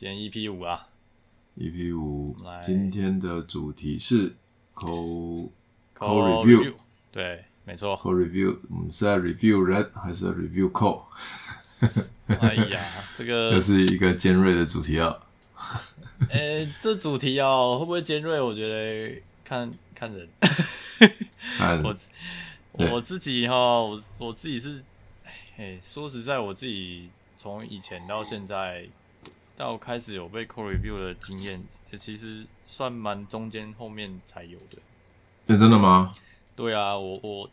今天 EP 五啊，EP 五 5, 來，今天的主題是 code code review，對，沒錯，code review，我們是在 review 人還是 review code？ 哎呀，這個又是一個尖銳的主題啊！哎， 這主題哦，會不會尖銳？我覺得看看人， 看人我對我自己哈、哦，我我自己是，哎，說實在，我自己從以前到現在。但我開始有被 code review 的經驗，這其實算蠻中間後面才有的。這、欸、真的嗎、嗯？對啊，我我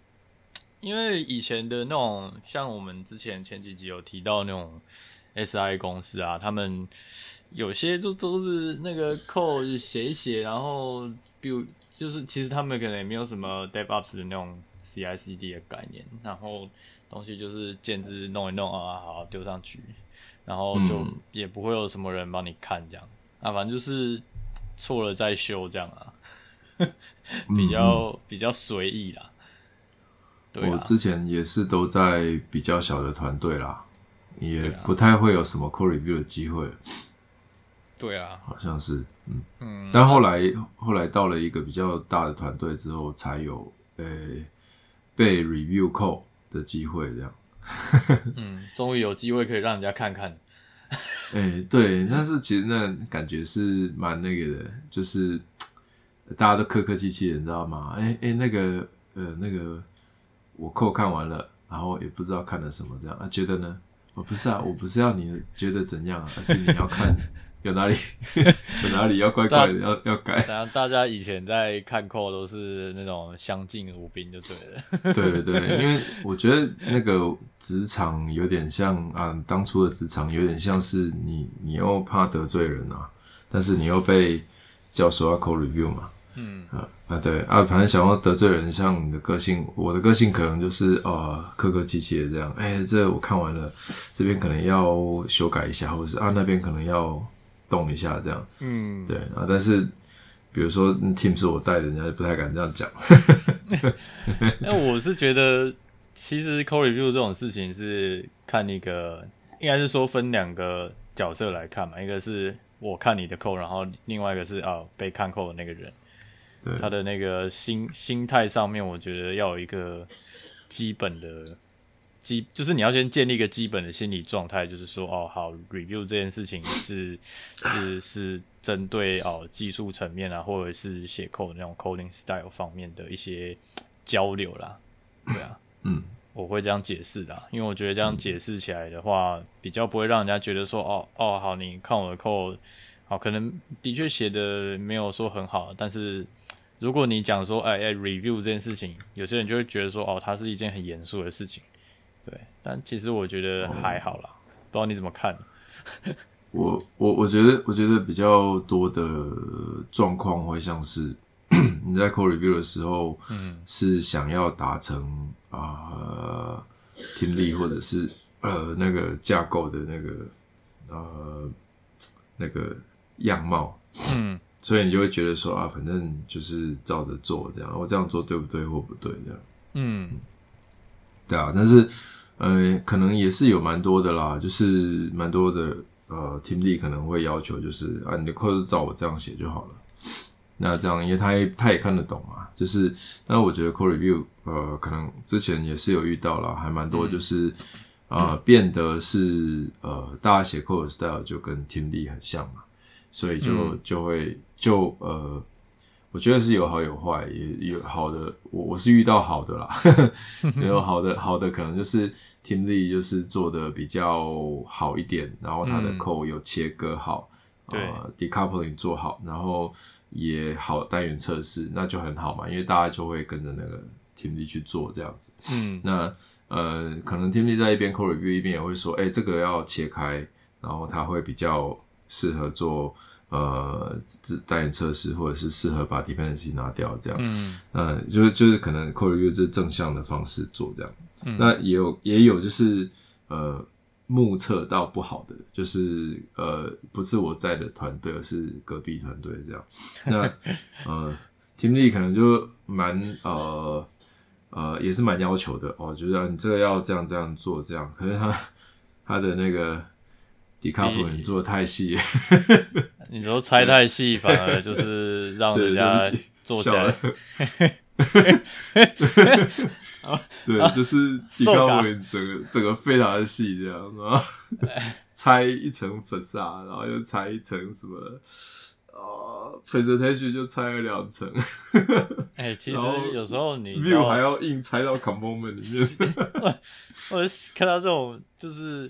因為以前的那種，像我們之前前幾集有提到那種 S I 公司啊，他們有些就都是那個 code 寫一寫，然後比如就是其實他們可能也沒有什麼 DevOps 的那種 C I C D 的概念，然後東西就是建制弄一弄啊，好丟、啊、上去。然後就也不會有什麼人幫你看這樣、嗯、啊，反正就是錯了再修這樣啊，呵呵，比較、嗯、比較隨意啦。對啊、我之前也是都在比較小的團隊啦，也不太會有什麼 code review 的機會。對啊，好像是，嗯嗯。但後來後來到了一個比較大的團隊之後，才有、呃、被被 review code 的機會這樣。 嗯，終於有機會可以讓人家看看。哎、 欸，對，但是其實那感覺是蠻那個的，就是大家都客客氣氣的，你知道嗎？哎、欸、哎、欸，那個呃，那個我扣看完了，然後也不知道看了什麼，這樣啊，覺得呢？我、哦、不是啊，我不是要你覺得怎樣、啊、 而是你要看。有哪裡有哪裡要乖乖的，大家要要改。大家以前在看扣都是那種相敬如賓就對了。 對對對，因為我覺得那個職場有點像啊，當初的職場有點像是你你又怕得罪人啊，但是你又被教授要扣 review 嘛。嗯啊對啊，反正想要得罪人，像你的個性，我的個性可能就是呃客客氣氣的這樣。哎、欸，這個，我看完了，這邊可能要修改一下，或者是啊那邊可能要動一下這樣，嗯，對啊，但是比如說，team 是我帶的，人家就不太敢這樣講。 那我是覺得，其實 code review 這種事情是看一個，應該是說分兩個角色來看嘛。一個是我看你的 code，然後另外一個是啊、哦、被看 code 的那個人，對他的那個心心態上面，我覺得要有一個基本的。基就是你要先建立一個基本的心理狀態，就是說哦好，review 這件事情、是、是、是針對哦技術層面啊，或者是寫 code 那種 coding style 方面的一些交流啦，對啊，嗯，我會這樣解釋啦，因為我覺得這樣解釋起來的話，比較不會讓人家覺得說哦哦好，你看我的 code，好可能的確寫的沒有說很好，但是如果你講說哎哎 review 這件事情，有些人就會覺得說哦它是一件很嚴肅的事情。對，但其實我覺得還好啦，嗯、不知道你怎麼看。 我我我覺得，我覺得比較多的狀況會像是 你在 code review 的時候，嗯、是想要達成啊、呃、聽力或者是呃那個架構的那個呃那個樣貌，嗯，所以你就會覺得說啊，反正就是照着做這樣，我、哦、這樣做對不對或不對這樣，嗯，嗯，對啊，但是。嗯、呃，可能也是有蠻多的啦，就是蠻多的呃，team lead 可能會要求就是啊，你的 code 照我這樣寫就好了。那這樣，因為他也他也看得懂嘛、啊，就是，但我覺得 code review，呃，可能之前也是有遇到了，還蠻多就是啊、嗯呃，變得是呃，大家寫 code style 就跟 team lead 很像嘛，所以就就會就呃。我覺得是有好有壞，也有好的。我我是遇到好的啦，也 有好的。好的可能就是 Tim Lee，就是做的比較好一點，然後他的扣有切割好，嗯、呃對 decoupling 做好，然後也好單元測試，那就很好嘛。因為大家就會跟着那個 Tim Lee 去做這樣子。嗯，那呃，可能 Tim Lee 在一邊 code review 一邊也會說，誒、欸、這個要切開，然後他會比較適合做。呃，帶單元測試或者是適合把 dependency 拿掉這樣，嗯，那就是就是可能 code review 是正向的方式做這樣，嗯、那也有也有就是呃目測到不好的，就是呃不是我在的團隊，而是隔壁團隊這樣，那呃 Tim Lee 可能就蠻呃呃也是蠻要求的，哦，就是你這個要這樣這樣做這樣，可是他他的那個。d e c o u p 太細，你說猜太細，反而就是讓人家做起來。對，就是 d e c o 整個整個非常的細，這樣，然後猜一層粉砂，然後又猜一層什麼的，啊，presentation 就猜了兩層。哎，其實有時候你 v 有還要硬猜到 component 裡面。我看到這種就是。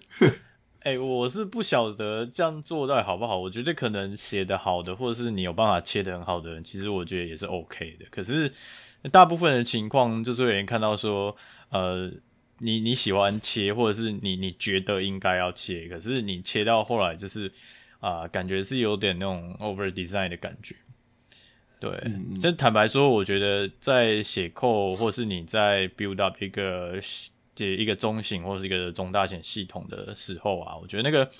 哎，我是不曉得這樣做到底好不好。我覺得可能寫得好的，或者是你有辦法切得很好的人，其實我覺得也是 OK 的。可是大部分的情況，就是有人看到說，呃，你你喜歡切，或者是你你覺得應該要切，可是你切到後來就是啊、呃，感覺是有點那種 over design 的感覺。對，這、嗯、坦白說，我覺得在寫扣，或是你在 build up 一個。接一個中型或者是一個中大型系統的時候啊，我覺得那個、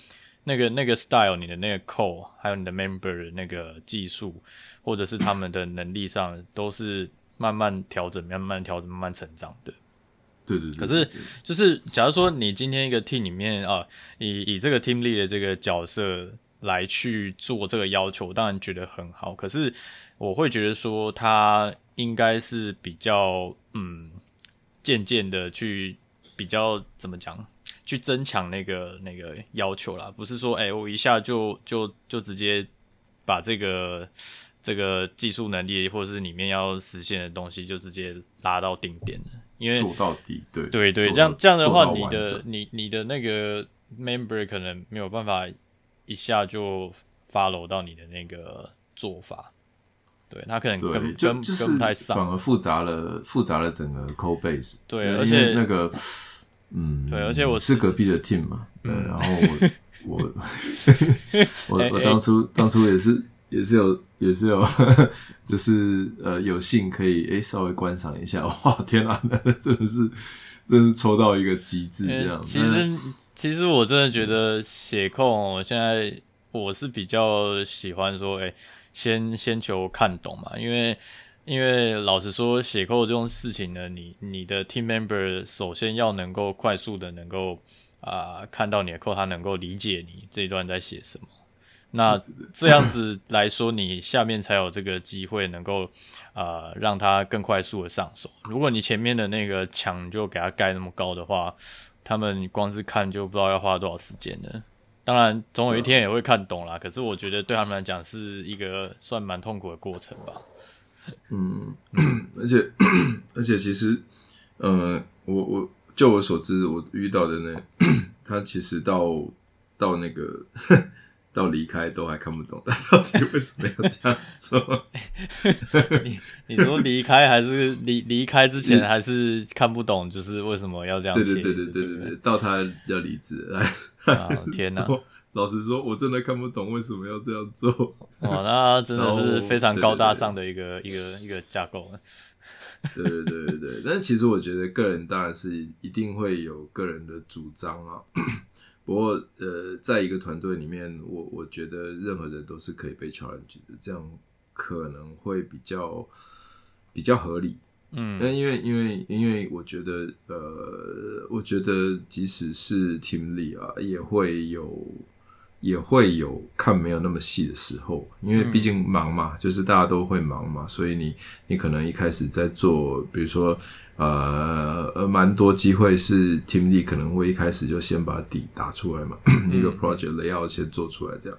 那個、那個 style，你的那個 code 還有你的 member 的那個技術，或者是他們的能力上，都是慢慢調整、 慢慢調整、慢慢成長的。對對對。可是，就是假如說你今天一個 team 裡面 啊，以以這個 team lead 的這個角色來去做這個要求，當然覺得很好。可是我會覺得說，他應該是比較嗯，漸漸的去。比較怎麼講？去增強那個，那個要求啦，不是說哎、欸，我一下就就就直接把這個這個技術能力，或者是裡面要實現的東西，就直接拉到頂點了。因為做到底，對對，對對，做，這樣這樣的話，你的你你的那個 member 可能沒有辦法一下就 follow 到你的那個做法。對，他可能跟跟，就是反而複雜了，複雜了整個 code base。對，而且那個，嗯，對，而且我是隔壁的 team 嘛，嗯，然後我我我當初當初也是也是有也是有，就是呃，有幸可以哎稍微觀賞一下，哇，天哪，真的是真是抽到一個極致這樣子。其實其實我真的覺得寫 code，我現在我是比較喜歡說哎。先先求看懂嘛，因為因為老實說，寫 code 這種事情呢，你你的 team member 首先要能夠快速的能夠啊、呃、看到你的 code，他能夠理解你這一段在寫什麼？那這樣子來說，你下面才有這個機會能夠啊、呃、讓他更快速的上手。如果你前面的那個牆就給他蓋那麼高的話，他們光是看就不知道要花多少時間了。當然，總有一天也會看懂啦。嗯、可是我覺得對他們來講，是一個算蠻痛苦的過程吧。嗯，而且，而且，其實，嗯、我我，就我所知，我遇到的那他，其實到到那個。到離開都還看不懂，到底為什麼要這樣做 你？你說離開還是離離開之前還是看不懂，就是為什麼要這樣？對對對對對對到他要離職，對天啊天哪！老實說，我真的看不懂為什麼要這樣做。哦、喔、那真的是非常高大上的一個對對對對對一個一個架構。對對對對，對 但是其實我覺得個人當然是一定會有個人的主張啊。 不過，呃，在一個團隊裡面，我我覺得任何人都是可以被挑戰的，這樣可能會比較比較合理。嗯，那因為因為因為我覺得，呃，我覺得即使是 team leader 啊，也會有。也會有看沒有那麼細的時候，因為畢竟忙嘛，嗯、就是大家都會忙嘛，所以你你可能一開始在做，比如說呃呃，蠻多機會是 team lead 可能會一開始就先把底打出來嘛，那、嗯、個 project layout 先做出來，這樣，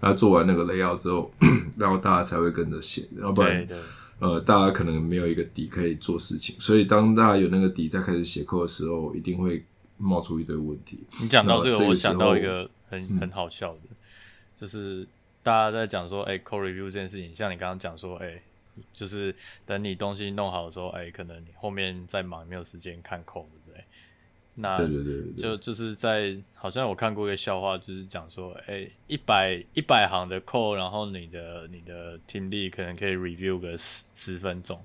那、嗯啊、做完那個 layout 之後，然後大家才會跟着寫，要不然呃大家可能沒有一個底可以做事情，所以當大家有那個底再開始寫 code 的時候，一定會冒出一堆問題。你講到這個、呃，我想到一個。很很好笑的，嗯、就是大家在講說，誒、欸，扣 review 這件事情，像你剛剛講說，誒、欸，就是等你東西弄好的時候，誒、欸，可能你後面在忙，沒有時間看扣對不對？那就對對對對就，就是在，好像我看過一個笑話，就是講說，誒、欸，一百一百行的扣，然後你的你的聽力可能可以 review 個十十分鐘，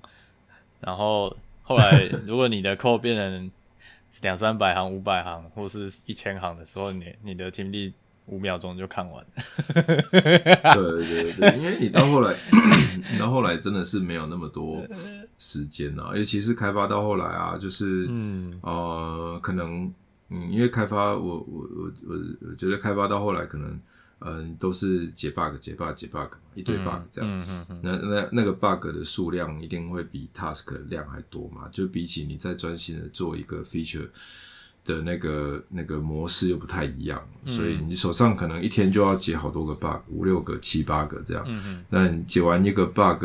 然後後來如果你的扣變成。 兩三百行、五百行或是一千行的時候，你你的聽力五秒鐘就看完了。 對對對，因為你到後來， 你到後來真的是沒有那麼多時間啊。尤其是開發到後來啊，就是、嗯、呃，可能嗯，因為開發，我我我我覺得開發到後來可能。嗯，都是解 bug、解 bug、解 bug 嘛，一堆 bug 這樣，嗯嗯嗯嗯、那那那個 bug 的數量一定會比 task 量還多嘛？就比起你在專心的做一個 feature。的那個那個模式又不太一樣，嗯、所以你手上可能一天就要解好多個 bug，五六個、七八個這樣。那解、嗯、哼完一個 bug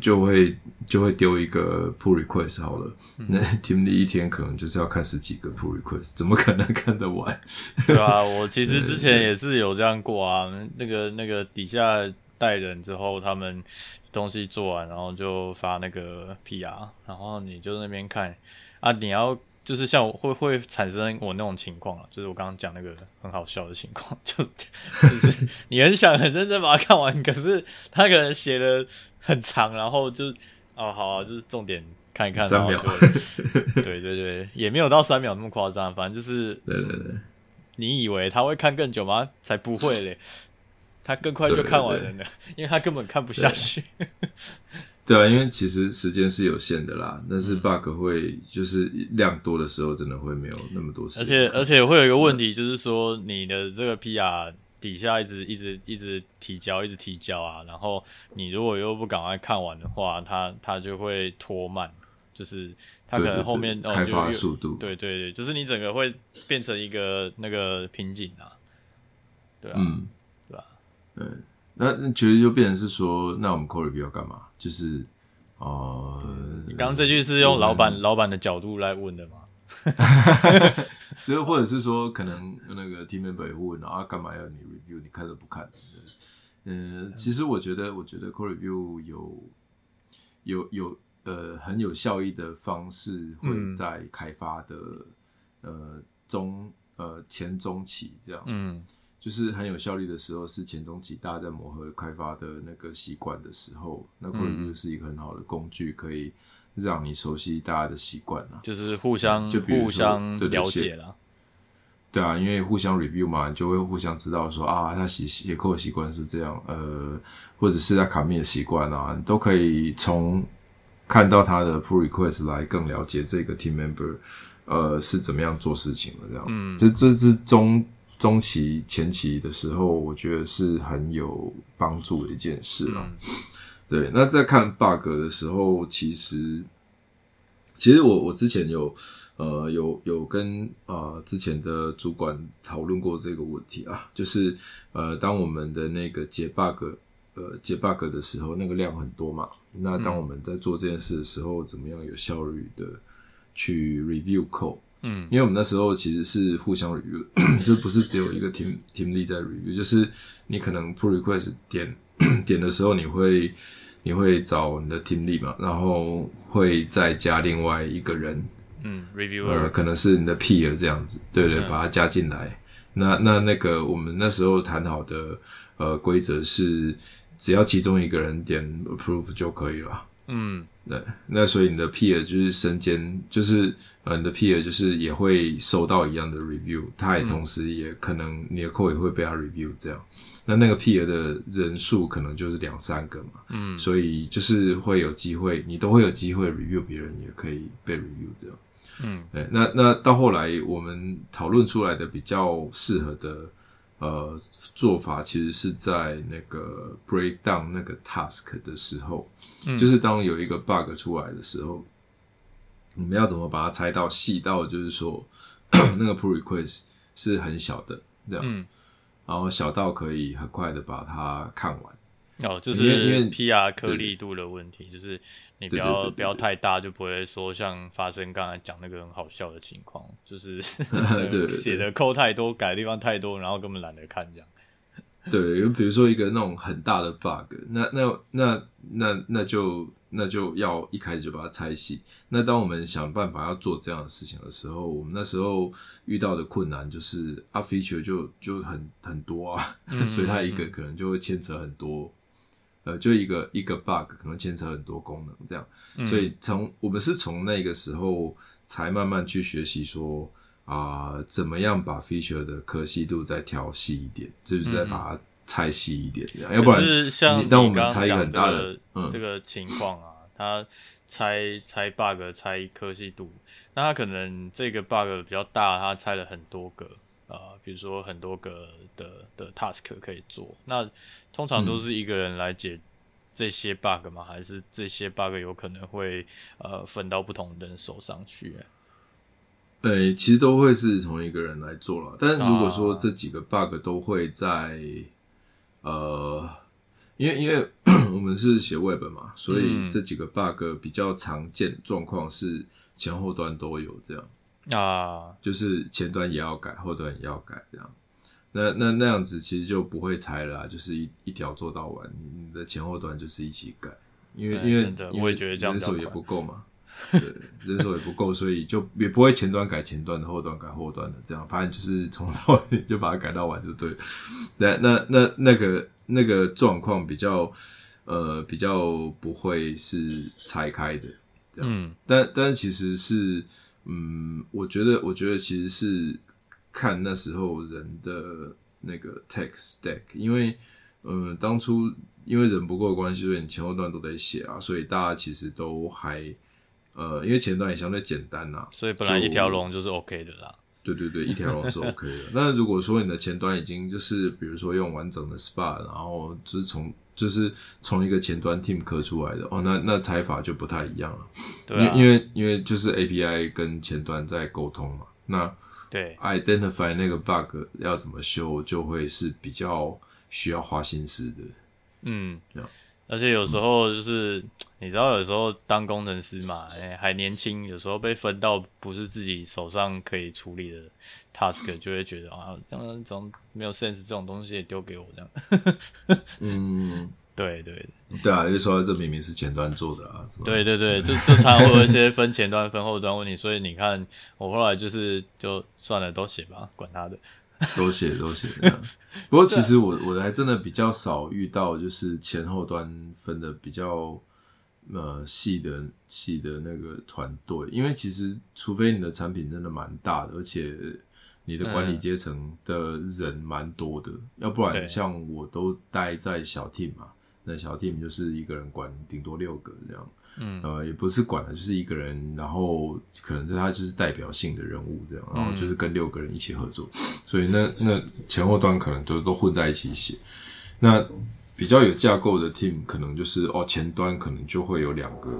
就會就會丟一個 pull request 好了。嗯、那 team lead 一天可能就是要看十幾個 pull request，怎麼可能看得完？對啊，我其實之前也是有這樣過啊。對那個那個底下帶人之後，他們東西做完，然後就發那個 PR，然後你就那邊看啊，你要。就是像我會會產生我那種情況啊，就是我剛剛講那個很好笑的情況，就，就是你很想很認真把它看完，可是他可能寫的很長，然後就哦，好啊，就是重點看一看，然後就三秒，對對對，也沒有到三秒那麼誇張，反正就是對對對，你以為他會看更久嗎？才不會嘞，他更快就看完了呢，對對對，因為他根本看不下去。對對對 對啊，因為其實時間是有限的啦，但是 bug 會就是量多的時候，真的會沒有那麼多時間。而且而且會有一個問題，就是說你的這個 PR 底下一直一直一直提交，一直提交啊，然後你如果又不趕快看完的話，它它就會拖慢，就是它可能後面開發的速度。對對對，就是你整個會變成一個那個瓶頸啊，對啊，嗯，對吧、啊、對，那其實就變成是說，那我們 code review 要幹嘛？就是，呃、嗯，你剛剛這句是用老闆們老闆的角度來問的嗎？ 就是或者是說，可能那個 team member 也問，啊，幹嘛要你 review？你看都不看？嗯，其實我覺得，我覺得 code review 有有有呃很有效益的方式，會在開發的、嗯、呃中呃前中期這樣。嗯。就是很有效率的時候，是前中期大家在磨合開發的那個習慣的時候，那可能就是一個很好的工具，可以讓你熟悉大家的習慣了。就是互相就比如說互相對對對了解了。對啊，因為互相 review 嘛，你就會互相知道說啊，他寫寫 code 習慣是這樣，呃，或者是他 commit 的習慣啊，你都可以從看到他的 pull request 來更了解這個 team member 呃是怎麼樣做事情的這樣。嗯，這這是中。中期、前期的時候，我覺得是很有幫助的一件事啊。嗯、對，那在看 bug 的時候，其實，其實我我之前有呃有有跟啊、呃、之前的主管討論過這個問題啊，就是呃當我們的那個解 bug 呃解 bug 的時候，那個量很多嘛，那當我們在做這件事的時候，怎麼樣有效率的去 review code？嗯，因為我們那時候其實是互相 review， 就不是只有一個 team, team lead 在 review，就是你可能 pull request 點 點的時候，你會你會找你的 team lead 嘛，然後會再加另外一個人，嗯，reviewer、呃、可能是你的 peer 這樣子，嗯、對，對對，把它加進來。嗯、那那那個我們那時候談好的呃規則是，只要其中一個人點 approve 就可以了。嗯，對，那所以你的 peer 就是身兼就是。你的 peer 就是也會收到一樣的 review，他也同時也可能你的 code 也會被他 review 這樣。嗯、那那個 peer 的人數可能就是兩三個嘛，嗯，所以就是會有機會，你都會有機會 review 別人，也可以被 review 這樣。嗯，對。那那到後來我們討論出來的比較適合的呃做法，其實是在那個 break down 那個 task 的時候，嗯、就是當有一個 bug 出來的時候。我們要怎麼把它拆到細到，到就是說、嗯、那個 pull request 是很小的，這樣，然後小到可以很快的把它看完。哦，就是因為，因為 PR 顆粒度的問題，對就是你不要對對對對不要太大，就不會說像發生剛才講那個很好笑的情況，就是寫的扣太多， 對對對對改的地方太多，然後根本懶得看這樣。對，比如說一個那種很大的 bug，那那那那那就。那就要一開始就把它拆細。那當我們想辦法要做這樣的事情的時候，我們那時候遇到的困難就是啊，feature 就就很很多啊，嗯嗯嗯，所以它一個可能就會牽扯很多，呃，就一個一個 bug 可能牽扯很多功能這樣。所以從、嗯、我們是從那個時候才慢慢去學習說啊、呃，怎麼樣把 feature 的可細度再調細一點，就是在把它。拆細一點，這樣要不然你當、這個、我們拆一個很大的、嗯、這個情況啊，他拆拆 bug 拆科技度，那他可能這個 bug 比較大，他拆了很多個啊、呃，比如說很多個的的 task 可以做，那通常都是一個人來解這些 bug 嗎？嗯、還是這些 bug 有可能會呃分到不同的人手上去、啊？誒、欸，其實都會是同一個人來做了，但是如果說這幾個 bug 都會在。呃，因為因為 我們是寫 Web 本嘛，所以這幾個 bug 比較常見狀況是前後端都有這樣啊，嗯、就是前端也要改，後端也要改這樣。那那那樣子其實就不會拆了、啊，就是一一條做到完，你的前後端就是一起改，因為對因為，的因為我也覺得這樣人手也不夠嘛。 對， 人手也不夠，所以就也不會前端改前端的，後端改後端的，這樣，反正就是從頭到尾就把它改到完就對了 對、啊。那那那那個那個狀況比較呃比較不會是拆開的。啊、嗯，但但其實是嗯，我覺得我覺得其實是看那時候人的那個 tech stack，因為嗯、呃，當初因為人不夠關係，所以你前後端都得寫啊，所以大家其實都還。呃，因為前端也相對簡單啦，啊，所以本來一條龍就是 OK 的啦。對對對，一條龍是 OK 的。 那如果說你的前端已經就是，比如說用完整的 SPA，然後就是從就是從一個前端 team 刻出來的哦，那那採法就不太一樣了。對。因、啊、因為因為就是 API 跟前端在溝通嘛，那對 identify 那個 bug 要怎麼修，就會是比較需要花心思的。嗯。Yeah 而且有時候就是。你知道有時候當工程師嘛，欸、還年輕，有時候被分到不是自己手上可以處理的 task，就會覺得啊、哦，這樣這種沒有 sense，這種東西也丟給我這樣。 嗯，對對對。對啊，有時候這明明是前端做的啊，是吧？對對對，對就就常，常會有一些分前端、分後端問題。 所以你看，我後來就是就算了，都寫吧，管他的。 都寫都寫。不過其實我我還真的比較少遇到，就是前後端分的比較。呃，系的系的那個團隊，因為其實除非你的產品真的蠻大的，而且你的管理階層的人蠻多的，嗯嗯，要不然像我都待在小 team 嘛，對 那小 team 就是一個人管頂多六個這樣，嗯，呃，也不是管的就是一個人，然後可能他就是代表性的人物這樣，然後就是跟六個人一起合作，嗯嗯，所以那那前後端可能都都混在一起寫，那。比較有架構的 team，可能就是哦，前端可能就會有兩個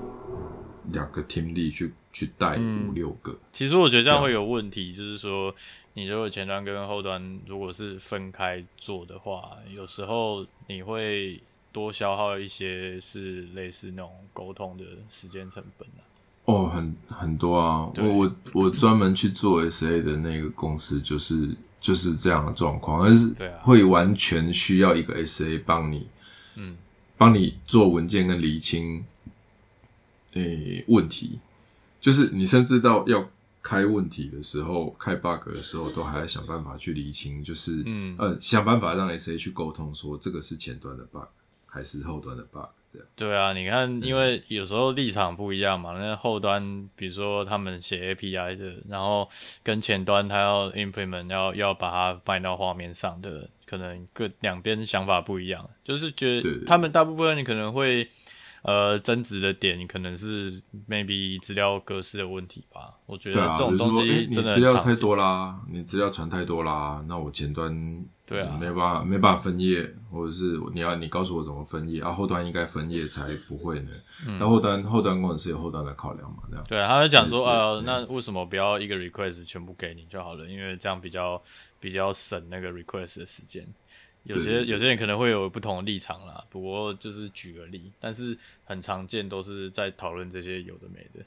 兩個 team lead 去去帶五六個，嗯。其實我覺得這樣會有問題，樣就是說你如果前端跟後端如果是分開做的話，有時候你會多消耗一些是類似那種溝通的時間成本，啊，哦，很很多啊！對 我我我專門去做 S A 的那個公司就是。就是這樣的狀況，但是會完全需要一個 SA 幫你，嗯、啊，幫你做文件跟理清、嗯、誒問題。就是你甚至到要開問題的時候，開 bug 的時候，都還要想辦法去理清，就是嗯、呃，想辦法讓 SA 去溝通說，說這個是前端的 bug 還是後端的 bug。對啊，你看，因為有時候立場不一樣嘛。嗯、那後端，比如說他們寫 API 的，然後跟前端他要 implement，要要把它搬到畫面上的，可能各兩邊想法不一樣，就是覺得他們大部分你可能會。呃，爭執的點可能是 maybe 資料格式的問題吧。我覺得這種東西、啊、比如說欸、你資料太多啦，你資料傳太多啦，那我前端對啊、嗯，沒辦法沒辦法分頁，或者是你要你告訴我怎麼分頁啊，後端應該分頁才不會呢。那、嗯、後端後端工程師有後端的考量嘛？這樣對啊，他就講說對呃，對那為什麼不要一個 request 全部給你就好了？因為這樣比較比較省那個 request 的時間。有些對有些人可能會有不同的立場啦，不過就是舉個例，但是很常見都是在討論這些有的沒的。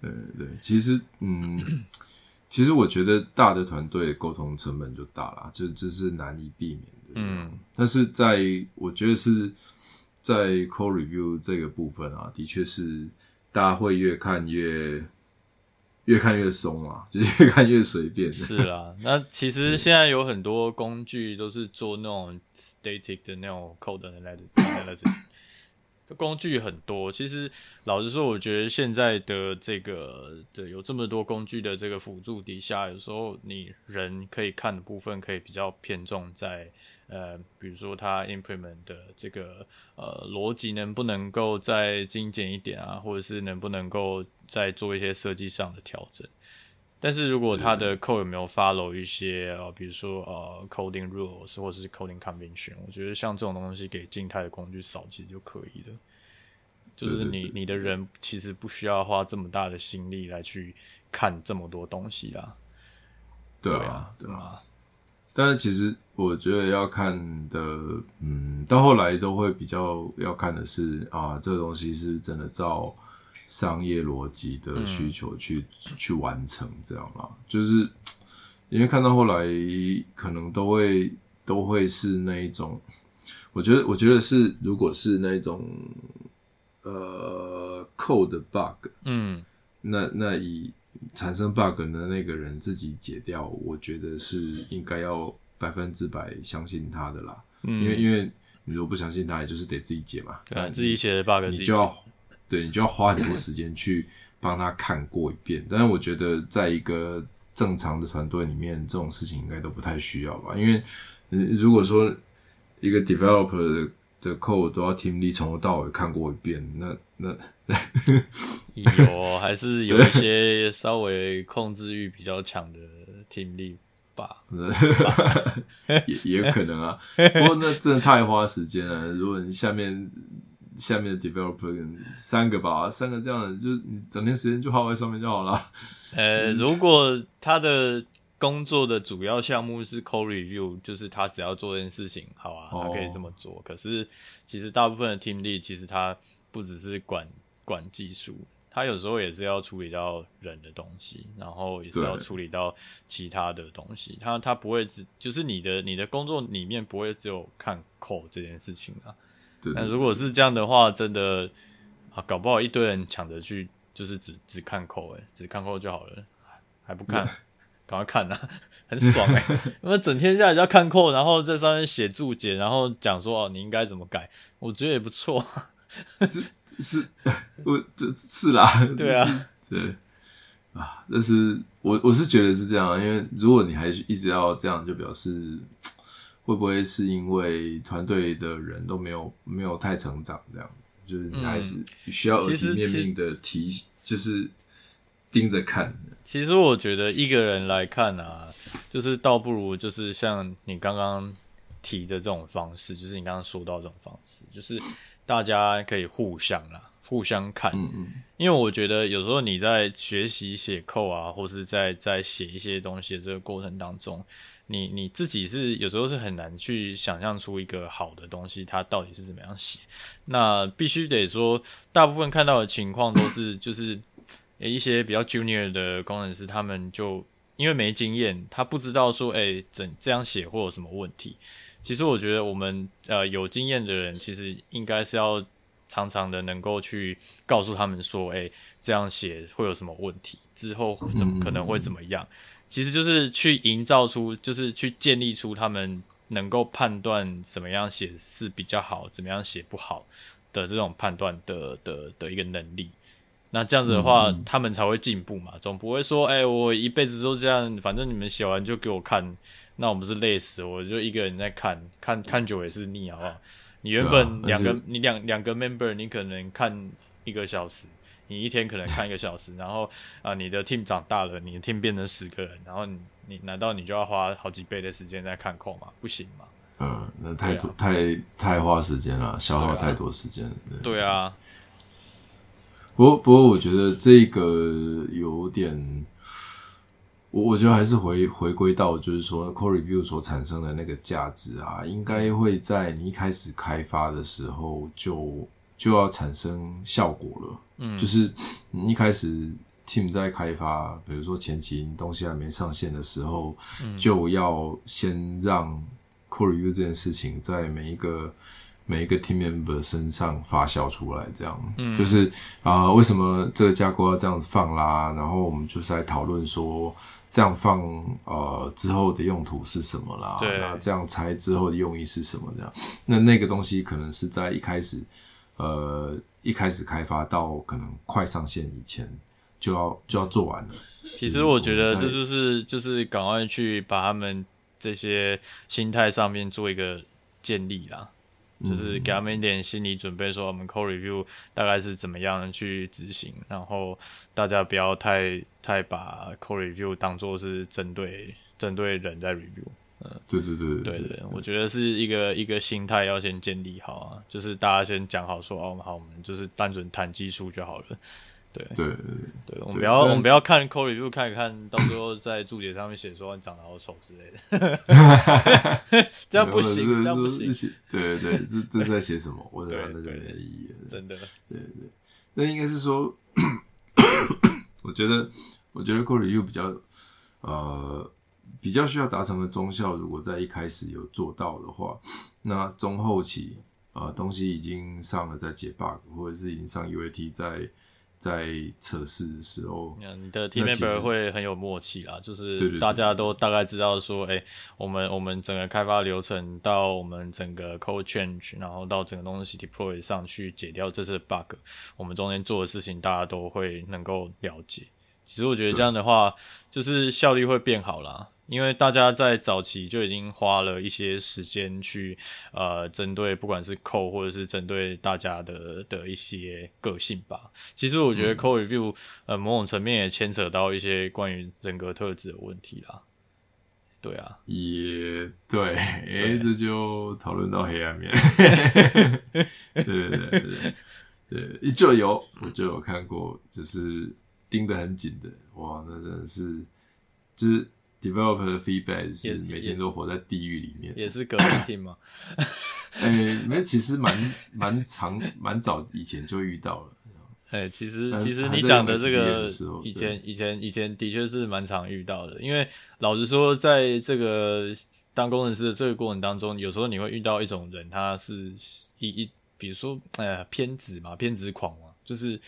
對對，其實嗯， 其實我覺得大的團隊的溝通成本就大啦，這這、就是難以避免的。嗯，但是在我覺得是在 code review 這個部分啊，的確是大家會越看越。越看越鬆啊，就越看越隨便。是啦，啊，那其實現在有很多工具都是做那種 static 的那種 code analysis 工具很多。其實老實說，我覺得現在的這個，有這麼多工具的這個輔助底下，有時候你人可以看的部分，可以比較偏重在。呃，比如說他 implement 的這個呃邏輯能不能夠再精簡一點啊，或者是能不能夠再做一些設計上的調整？但是如果他的 code 對有沒有 follow 一些啊、呃，比如說呃 coding rules 或者是 coding convention，我覺得像這種東西給靜態的工具掃，其實就可以了。就是你對對對你的人其實不需要花這麼大的心力來去看這麼多東西啊。對啊，對啊。對啊。但是其實我覺得要看的，嗯，到後來都會比較要看的是啊，這個、東西是真的照商業邏輯的需求去、嗯、去完成這樣嘛？就是因為看到後來可能都會都會是那一種，我覺得我覺得是如果是那一種呃 code bug，嗯，那那以。產生 bug 的那個人自己解掉，我覺得是應該要百分之百相信他的啦。因為、嗯、因為你如果不相信他，也就是得自己解嘛。對、嗯，你自己寫的 bug，你就要，對你就要花很多時間去幫他看過一遍。 但是我覺得，在一個正常的團隊裡面，這種事情應該都不太需要吧？因為，如果說一個 developer 的，的 code 都要聽力從頭到尾看過一遍，那那。 有還是有一些稍微控制欲比較強的 team lead 吧， 吧 也也有可能啊。 不過那真的太花時間了。如果你下面下面的 developer 三個吧，三個這樣的，就你整天時間就花在上面就好了。 呃，如果他的工作的主要項目是 code review，就是他只要做一件事情，好啊，他可以這麼做。哦、可是其實大部分的 team lead，其實他不只是管管技術。他有時候也是要處理到人的東西，然後也是要處理到其他的東西。對他他不會只就是你的你的工作裡面不會只有看扣這件事情啊。那對如果是這樣的話，真的啊，搞不好一堆人搶着去，就是只只看扣誒，只看扣、欸、就好了，還不看，趕我 快看吶、啊，很爽誒、欸。因為 整天下來就要看扣，然後在上面寫注解，然後講說、啊、你應該怎麼改，我覺得也不錯。 是，我這是，是啦，對啊，對啊，但是我我是覺得是這樣，因為如果你還是一直要這樣，就表示會不會是因為團隊的人都沒有沒有太成長，這樣就是你還是需要耳提面命的提，嗯、就是盯着看。其實我覺得一個人來看啊，就是倒不如就是像你剛剛提的這種方式，就是你剛剛說到這種方式，就是。大家可以互相啦，互相看。嗯嗯，因為我覺得有時候你在學習寫扣啊，或是在在寫一些東西的這個過程當中，你你自己是有時候是很難去想象出一個好的東西它到底是怎麼樣寫。那必須得說，大部分看到的情況都是就是 誒一些比較 junior 的工程師，他們就因為沒經驗，他不知道說，誒怎這樣寫會有什麼問題。其實我覺得我們呃有經驗的人，其實應該是要常常的能夠去告訴他們說，欸，這樣寫會有什麼問題，之後怎麼可能會怎麼樣？其實就是去營造出，就是去建立出他們能夠判斷怎麼樣寫是比較好，怎麼樣寫不好的這種判斷的的的一個能力。那這樣子的話，嗯嗯，他們才會進步嘛。總不會說，哎、欸，我一輩子都這樣。反正你們寫完就給我看，那我不是累死？我就一個人在看，看看久也是膩，好不好？你原本兩個，啊、你兩兩個 member，你可能看一個小時，你一天可能看一個小時。 然後啊、呃，你的 team 長大了，你的 team 變成十個人，然後你，你難道你就要花好幾倍的時間在看 code 嗎？不行嘛？嗯，那太多、啊、太太花時間了，消耗太多時間。對啊。對對啊。不過，不過，我覺得這個有點，我我覺得還是回回歸到，就是說 code review 所產生的那個價值啊，應該會在你一開始開發的時候就就要產生效果了。嗯，就是你一開始 team 在開發，比如說前期你東西還沒上線的時候，就要先讓 code review 這件事情在每一個。每一個 team member 身上發酵出來，這樣，嗯、就是啊、呃，為什麼這個架構要這樣子放啦？然後我們就是在討論說，這樣放呃之後的用途是什麼啦？啊對，這樣拆之後的用意是什麼？這樣，那那個東西可能是在一開始呃一開始開發到可能快上線以前就要就要做完了。其實、呃、我覺得這就是就是趕快去把他們這些心態上面做一個建立啦。就是給他們一點心理準備，說我們 code review 大概是怎麼樣去執行，然後大家不要太太把 code review 當做是針對針對人在 review。嗯、呃，對對對，對對,對，我覺得是一個一個心態要先建立好啊，就是大家先講好說，說、嗯、哦，好，我們就是單純談技術就好了。對對對對，我們不要我們不要看 Code Review 看一看到時候在註解上面寫說你長得好醜之類的，這樣不行，這樣不行。對對對，這這是在寫什麼？我真的真的真的，真的。對對，那應該是說，我覺得我覺得 Code Review 比較呃比較需要達成的中效，如果在一開始有做到的話，那中後期呃東西已經上了在解 bug，或者是已經上 UAT 在。在測試的時候，那、嗯、你的 team member 會很有默契啦，就是大家都大概知道說，哎、欸，我們我們整個開發流程到我們整個 code change，然後到整個東西 deploy 上去解掉這次 bug，我們中間做的事情大家都會能夠了解。其實我覺得這樣的話，對就是效率會變好啦。因為大家在早期就已經花了一些時間去呃，針對不管是 code 或者是針對大家的的一些個性吧。其實我覺得 code review、嗯、呃，某種層面也牽扯到一些關於人格特質的問題啦。對啊，也對，哎對、欸，這就討論到黑暗面。嗯、 對對對對對，一就有，我就有看過，就是盯得很緊的，哇，那真的是就是。Developer 的 feedback 也是每天都活在地獄裡面也，也是隔天嗎？誒，沒，其實蠻蠻長，蠻早以前就遇到了。誒、欸，其實其實你講的這個，以個的以，以前以前以前的確是蠻常遇到的。因為老實說，在這個當工程師的這個過程當中，有時候你會遇到一種人，他是一一，比如說哎呀、呃、偏執嘛，偏執狂嘛，就是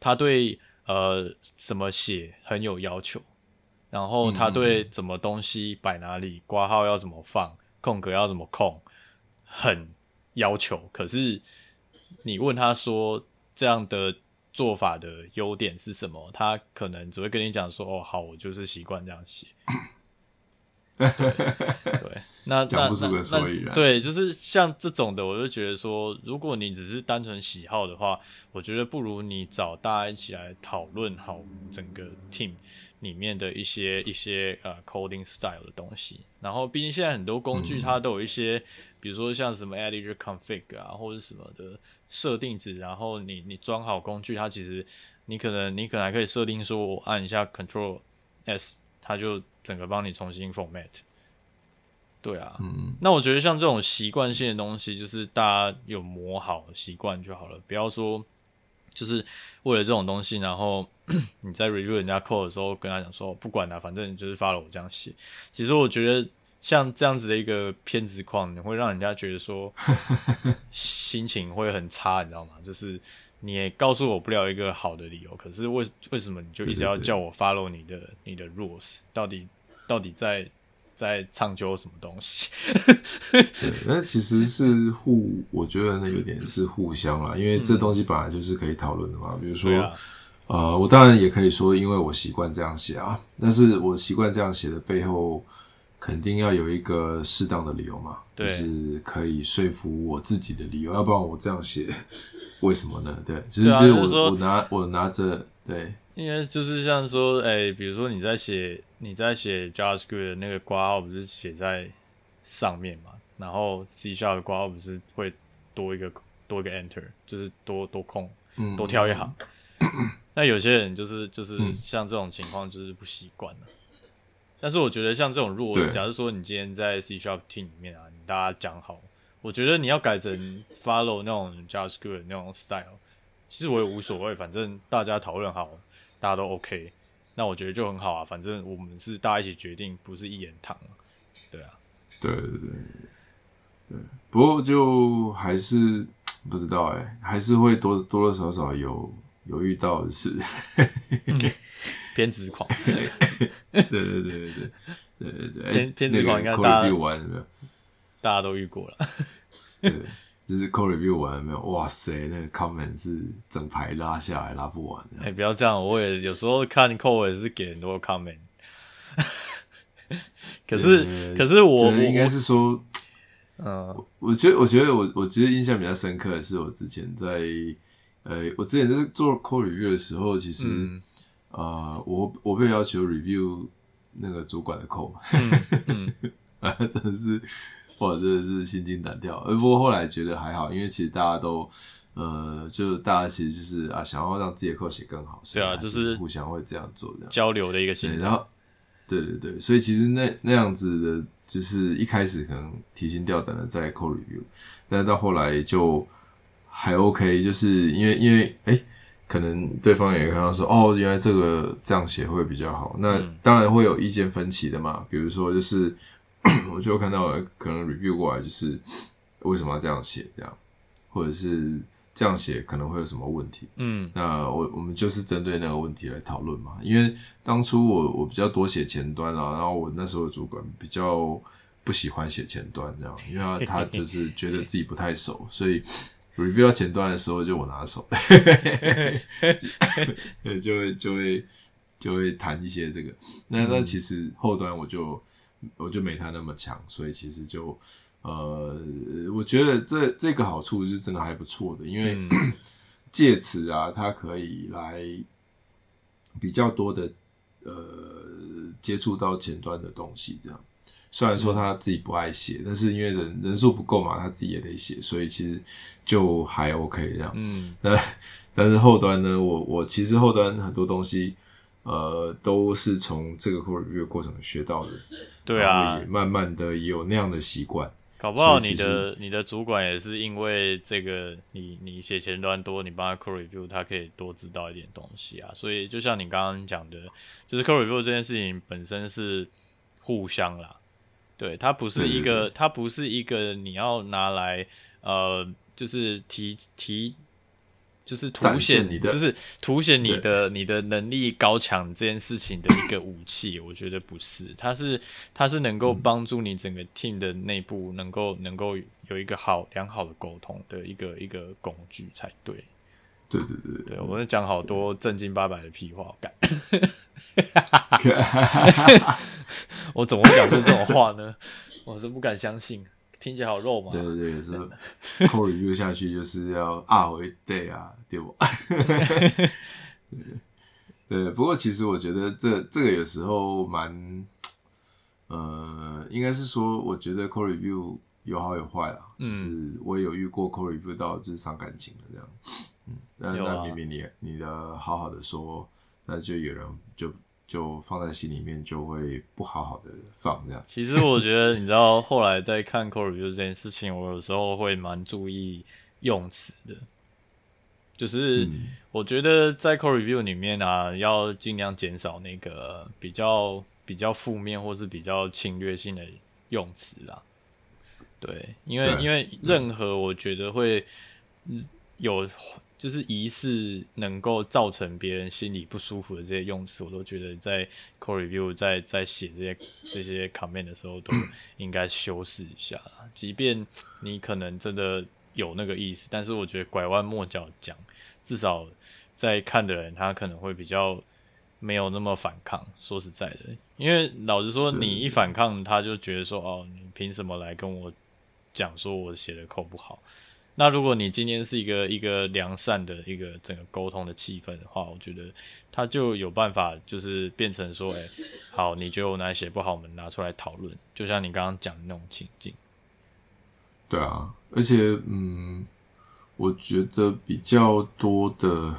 他對呃什麼寫很有要求。然後他對什麼東西擺哪裡，括、嗯、號要怎麼放，空格要怎麼空，很要求。可是你問他說這樣的做法的優點是什麼，他可能只會跟你講說：“哦，好，我就是習慣這樣寫。 對”對，那 那那，那，那對，就是像這種的，我就覺得說，如果你只是單純喜好的話，我覺得不如你找大家一起來討論好整個 team。裡面的一些一些呃 coding style 的東西，然後畢竟現在很多工具它都有一些，嗯、比如說像什麼 editor config 啊或者是什麼的設定值，然後你你裝好工具，它其實你可能你可能還可以設定說，我按一下 control s，它就整個幫你重新 format。對啊，嗯、那我覺得像這種習慣性的東西，就是大家有磨好習慣就好了，不要說。就是為了這種東西，然後你在 review 人家 code 的時候，跟他講說不管了，啊，反正你就是 follow 我這樣寫。其實我覺得像這樣子的一個偏執狂，你會讓人家覺得說 心情會很差，你知道嗎？就是你也告訴我不了一個好的理由，可是為為什麼你就一直要叫我 follow 你的你的 rules？到底到底在？在唱究什麼東西？ 對，那其實是互，我覺得那有點是互相了，因為這東西本來就是可以討論的嘛。嗯、比如說，啊、呃，我當然也可以說，因為我習慣這樣寫啊，但是我習慣這樣寫的背後，肯定要有一個適當的理由嘛，對就是可以說服我自己的理由，要不然我這樣寫，為什麼呢？對，其實、啊、就是我就是說我拿我拿着，對，應該就是像說，哎、欸，比如說你在寫。你在寫 JavaScript 的那個括號不是寫在上面嘛？然後 C# 的括號不是會多一個多一個 Enter，就是多多空多跳一行。嗯、那有些人就是就是像這種情況就是不習慣、嗯、但是我覺得像這種，如果假如說你今天在 C# team 裡面啊，你大家講好，我覺得你要改成 Follow 那種 JavaScript 那種 Style，其實我也無所謂，反正大家討論好，大家都 OK。那我覺得就很好啊，反正我們是大家一起決定，不是一言堂，對啊，對對對對。不過就還是不知道哎、欸，還是會多多多少少有有遇到的事、 嗯，偏執狂，對對對對對對對對，對對對欸、偏偏執狂應該大大家都遇過了。 對對就是扣 review 完了沒有？哇塞，那個 comment 是整排拉下來拉不完的。哎、欸，不要這樣，我也有時候看扣也是給很多 comment， 可是、欸、可是我我應該是說，嗯，我覺得我覺得我我覺得印象比較深刻的是我之前在呃，我之前就是做扣 review 的時候，其實啊、嗯呃，我我被要求 review 那個主管的扣、 嗯，啊、嗯， 真的是。或者是心驚膽跳，呃，不過後來覺得還好，因為其實大家都，呃，就是大家其實就是啊，想要讓自己的 code 寫更好，對啊，就是互相會這樣做的、啊就是、交流的一個心，對，然後對對對，所以其實那那樣子的，就是一開始可能提心吊膽的在 code review，但是到後來就還 OK，就是因為因為誒、欸，可能對方也看到說哦，原來這個這樣寫會比較好，那當然會有意見分歧的嘛，嗯、比如說就是。 我就看到可能 review 過來，就是為什麼要這樣寫這樣，或者是這樣寫可能會有什麼問題？嗯，那我我們就是針對那個問題來討論嘛。因為當初我我比較多寫前端啦、啊，然後我那時候主管比較不喜歡寫前端，這樣，因為他就是覺得自己不太熟， 所以 review 到前端的時候就我拿手，嘿 就，就，就會就會就會談一些這個。那那、嗯、其實後端我就。我就沒他那麼強，所以其實就呃，我覺得這這個好處是真的還不錯的，因為借此、嗯、 啊，他可以來比較多的呃接觸到前端的東西。這樣雖然說他自己不愛寫，嗯、但是因為人人數不夠嘛，他自己也得寫，所以其實就還 OK 這樣。嗯，那 但是後端呢，我我其實後端很多東西呃都是從這個 code review 的過程學到的。對啊，也慢慢的有那樣的習慣。搞不好你的你的，你的主管也是因為這個，你你寫前端多，你幫他 code review，他可以多知道一點東西啊。所以就像你剛剛講的，就是 code review 這件事情本身是互相啦，對，它不是一個，對對對它不是一個你要拿來呃，就是提提。就是凸顯你的，就是凸顯你的對你的能力高強這件事情的一個武器，我覺得不是，它是它是能夠幫助你整個 team 的內部能夠、嗯、能夠有一個好良好的溝通的一個一個工具才對。對對對對，對，我講好多正經八百的屁話，我怎麼會講出這種話呢？我是不敢相信。聽起來好肉麻，對，對對，是。code review 下去就是要啊我一懟啊，對不、啊？對 對，對，不過其實我覺得這這個有時候蠻，呃，應該是說，我覺得 code review 有好有壞啦、嗯、就是我有遇過 code review 到就是傷感情的這樣。嗯。那那明明你、啊、你的好好的說，那就有人就。就放在心裡面，就會不好好的放這樣。其實我覺得，你知道，後來在看 code review 這件事情，我有時候會蠻注意用詞的。就是我覺得在 code review 裡面啊，要盡量減少那個比較比較負面或是比較侵略性的用詞啦。對，因為因為任何我覺得會有。就是疑似能夠造成別人心裡不舒服的這些用詞，我都覺得在 code review 在在寫這些這些 comment 的時候都應該修飾一下。即便你可能真的有那個意思，但是我覺得拐彎抹角講，至少在看的人他可能會比較沒有那麼反抗。說實在的，因為老實說，你一反抗，他就覺得說哦，你憑什麼來跟我講說我寫的 code 不好？那如果你今天是一個一個良善的一個整個溝通的氣氛的話，我覺得他就有辦法，就是變成說，哎、欸，好，你就有哪些不好，我們拿出來討論，就像你剛剛講的那種情境。對啊，而且，嗯，我覺得比較多的、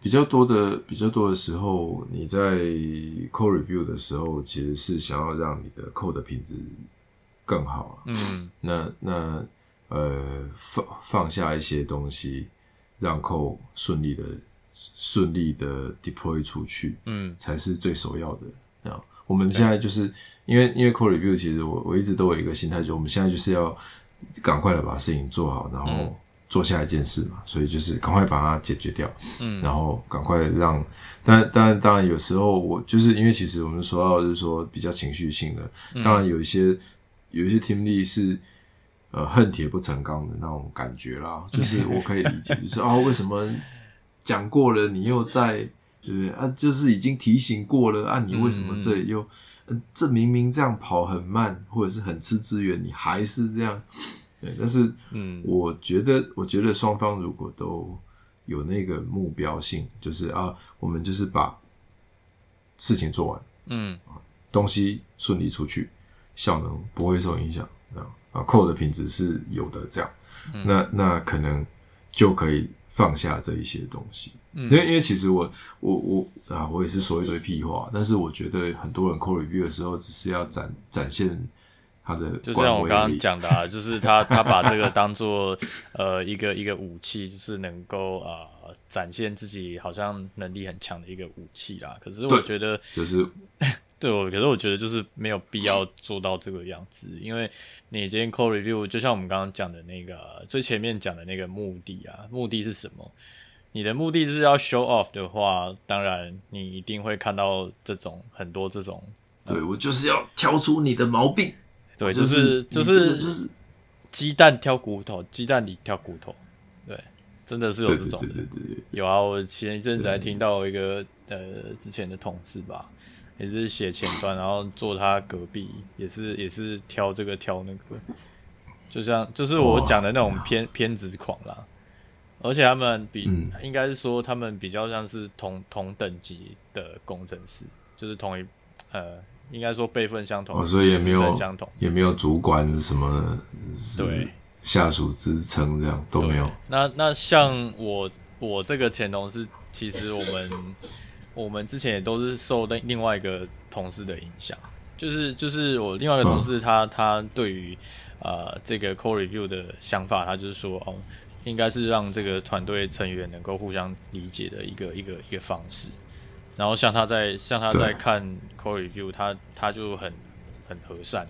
比較多的、比較多的時候，你在 code review 的時候，其實是想要讓你的 code 的品質更好、啊、嗯，那那。那呃，放放下一些東西，讓 code 順利的順利的 deploy 出去，嗯，才是最首要的。後我們現在就是對因為因為 code review，其實我我一直都有一個心態，就是我們現在就是要趕快的把事情做好，然後做下一件事嘛，嗯、所以就是趕快把它解決掉，嗯，然後趕快讓。但當然當然有時候我就是因為其實我們說到的就是說比較情緒性的，當然有一些有一些 team 力是。呃，恨鐵不成鋼的那種感覺啦，就是我可以理解，就是啊，為什麼講過了你又在，對不對啊？就是已經提醒過了啊，你為什麼這又、嗯呃，這明明這樣跑很慢或者是很吃資源，你還是這樣？對，但是嗯，我覺得、嗯、我覺得雙方如果都有那個目標性，就是啊，我們就是把事情做完，嗯，東西順利出去，效能不會受影響，這 Code 的品質是有的，這樣，嗯、那那可能就可以放下這一些東西。因為、嗯、因為其實我我我啊，我也是說一堆屁話，但是我覺得很多人 Code review 的時候，只是要展展現他的，就像我剛剛講的，啊， 就是他他把這個當做 呃一個一個武器，就是能夠啊、呃、展現自己好像能力很強的一個武器啦。可是我覺得就是。對，可是我覺得就是沒有必要做到這個樣子，呵因為你今天 code review，就像我們剛剛講的那個最前面講的那個目的啊，目的是什麼？你的目的是要 show off 的話，當然你一定會看到這種很多這種。對、呃、我就是要挑出你的毛病，對，就是就是就是、就是、雞蛋挑骨頭，雞蛋裡挑骨頭，對，真的是有這種的，對對對，有啊，我前一陣子還聽到一個、嗯、呃之前的同事吧。也是寫前端，然後坐他隔壁，也是也是挑這個挑那個，就像就是我講的那種偏、oh, yeah. 偏執狂啦。而且他們比、嗯、應該是說他們比較像是同同等級的工程師，就是同一呃，應該說輩分相同,相同、哦。所以也沒有相同，也沒有主管什麼對下屬之稱這樣對都沒有。那那像我我這個前同事，其實我們。我們之前也都是受另另外一個同事的影響，就是就是我另外一個同事他，他他對於呃這個 code review 的想法，他就是說哦，應該是讓這個團隊成員能夠互相理解的一個一個一個方式。然後像他在像他在看 code review，他他就很很和善，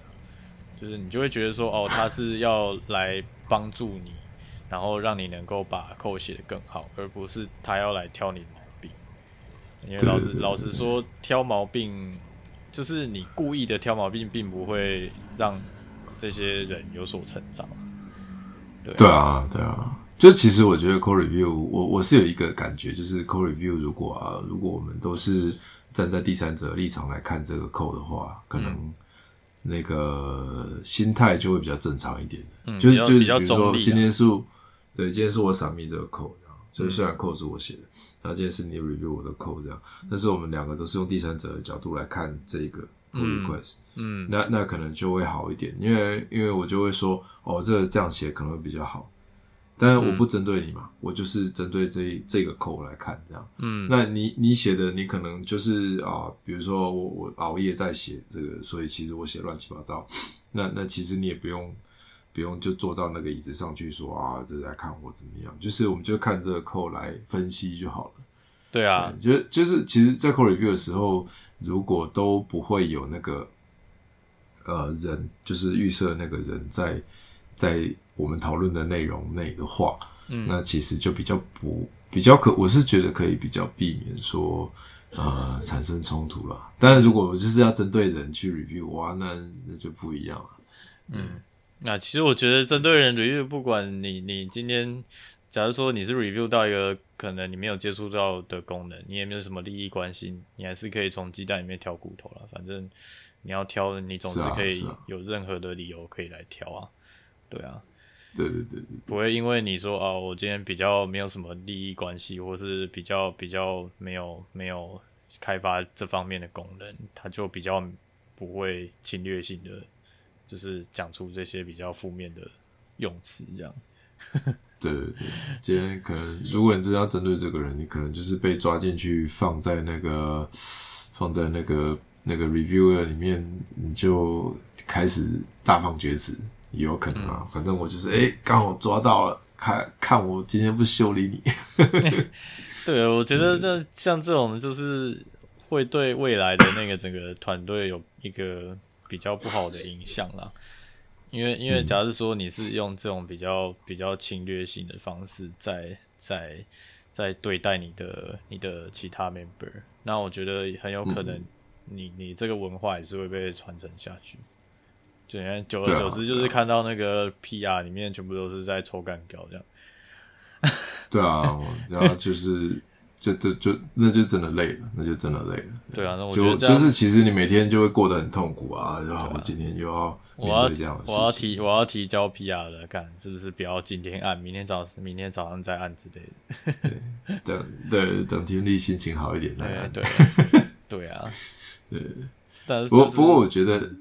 就是你就會覺得說哦，他是要來幫助你，然後讓你能夠把 code 寫得更好，而不是他要來挑你。因為老實對對對老實說，挑毛病、嗯、就是你故意的挑毛病，並不會讓這些人有所成長。對啊，對啊，對啊，就其實我覺得 code review，我我是有一個感覺，就是 code review，如果啊，如果我們都是站在第三者立場來看這個 code 的話，嗯、可能那個心態就會比較正常一點。嗯、就是較就是比、啊、比如說，今天是，對，今天是我 submit 這個 code，然後就是雖然 code 是我寫的。嗯那這件事你 review 我的 code 這樣，但是我們兩個都是用第三者的角度來看這一個 pull request，嗯，嗯，那那可能就會好一點，因為因為我就會說，哦，這個、這樣寫可能會比較好，但是我不針對你嘛，嗯、我就是針對這這個 code 來看這樣，嗯，那你你寫的你可能就是啊、呃，比如說我我熬夜在寫這個，所以其實我寫亂七八糟，那那其實你也不用。不用就坐到那個椅子上去說啊，這在看我怎麼樣？就是我們就看這個扣來分析就好了。對啊，嗯、就就是其實，在扣 review 的時候，如果都不會有那個呃人，就是預設那個人在在我們討論的內容內的話，嗯、那其實就比較不比較可，我是覺得可以比較避免說呃產生衝突了。但是如果我就是要針對人去 review，哇、啊，那那就不一樣了，嗯。那、啊、其實我覺得，針對人 review，不管你你今天，假如說你是 review 到一個可能你沒有接觸到的功能，你也沒有什麼利益關係，你還是可以從雞蛋裡面挑骨頭啦。反正你要挑，你總是可以有任何的理由可以來挑啊。啊啊對啊，對，對對對對，不會因為你說啊，我今天比較沒有什麼利益關係，或是比較比較沒有沒有開發這方面的功能，它就比較不會侵略性的。就是講出這些比較負面的用詞，這樣。 對對對，今天可能如果你真的要針對這個人，你可能就是被抓進去放在那個放在那個那個 reviewer 裡面，你就開始大放厥詞，也有可能啊。嗯、反正我就是，哎、欸，剛好抓到了，看看我今天不修理你。 對，我覺得那像這種就是會對未來的那個整個團隊有一個。比較不好的影響啦，因為因為，假如說你是用這種比較、嗯、比較侵略性的方式在，在在在對待你的你的其他 member，那我覺得很有可能你、嗯、你，你這個文化也是會被傳承下去。就你看，久而久之，就是看到那個 PR 裡面全部都是在抽干膏這樣。 對啊，然後就是。 就就就那就真的累了，那就真的累了。對啊，那我覺得就。就是其實你每天就會過得很痛苦啊。然後、啊、我今天又要我要這樣，我要提我要提交 PR 了，看是不是不要今天按，明天早明天早上再按之類的。等 對等，對等聽力心情好一點來對。對對啊， 對。但是、就是、不，不過不過，我覺得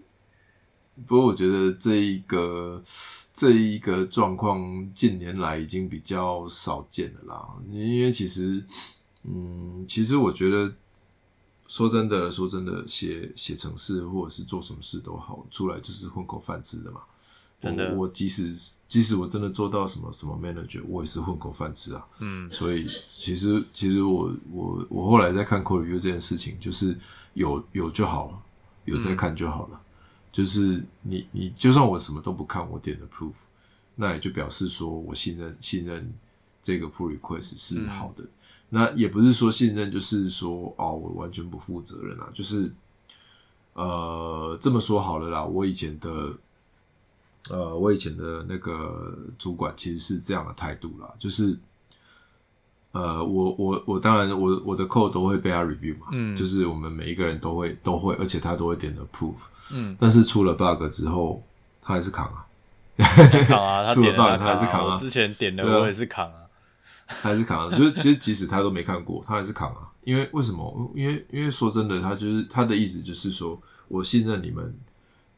不過我覺得這一個這一個狀況近年來已經比較少見了啦，因為其實。嗯，其實我覺得，說真的，說真的，寫寫程式，或者是做什麼事都好，出來就是混口飯吃的嘛。真的我，我即使即使我真的做到什麼什麼 manager，我也是混口飯吃啊。嗯，所以其實其實我我我後來在看 code review 這件事情，就是有有就好了，有在看就好了。嗯、就是你你就算我什麼都不看，我點的 proof，那也就表示說我信任信任這個 pull request 是好的。嗯那也不是說信任，就是說哦，我完全不負責任啊。就是，呃，這麼說好了啦，我以前的，呃，我以前的那個主管其實是這樣的態度啦。就是，呃，我我我當然，我我的 code 都會被他 review 嘛，嗯，就是我們每一個人都會都會，而且他都會點的 approve，嗯，但是出了 bug 之後，他還是扛啊，他他扛啊， 出了 bug 他還是扛啊，我之前點的我也是扛啊。 他還是扛啊，就是其實即使他都沒看過，他還是扛啊。因為為什麼？因為因為說真的，他就是他的意思就是說我信任你們，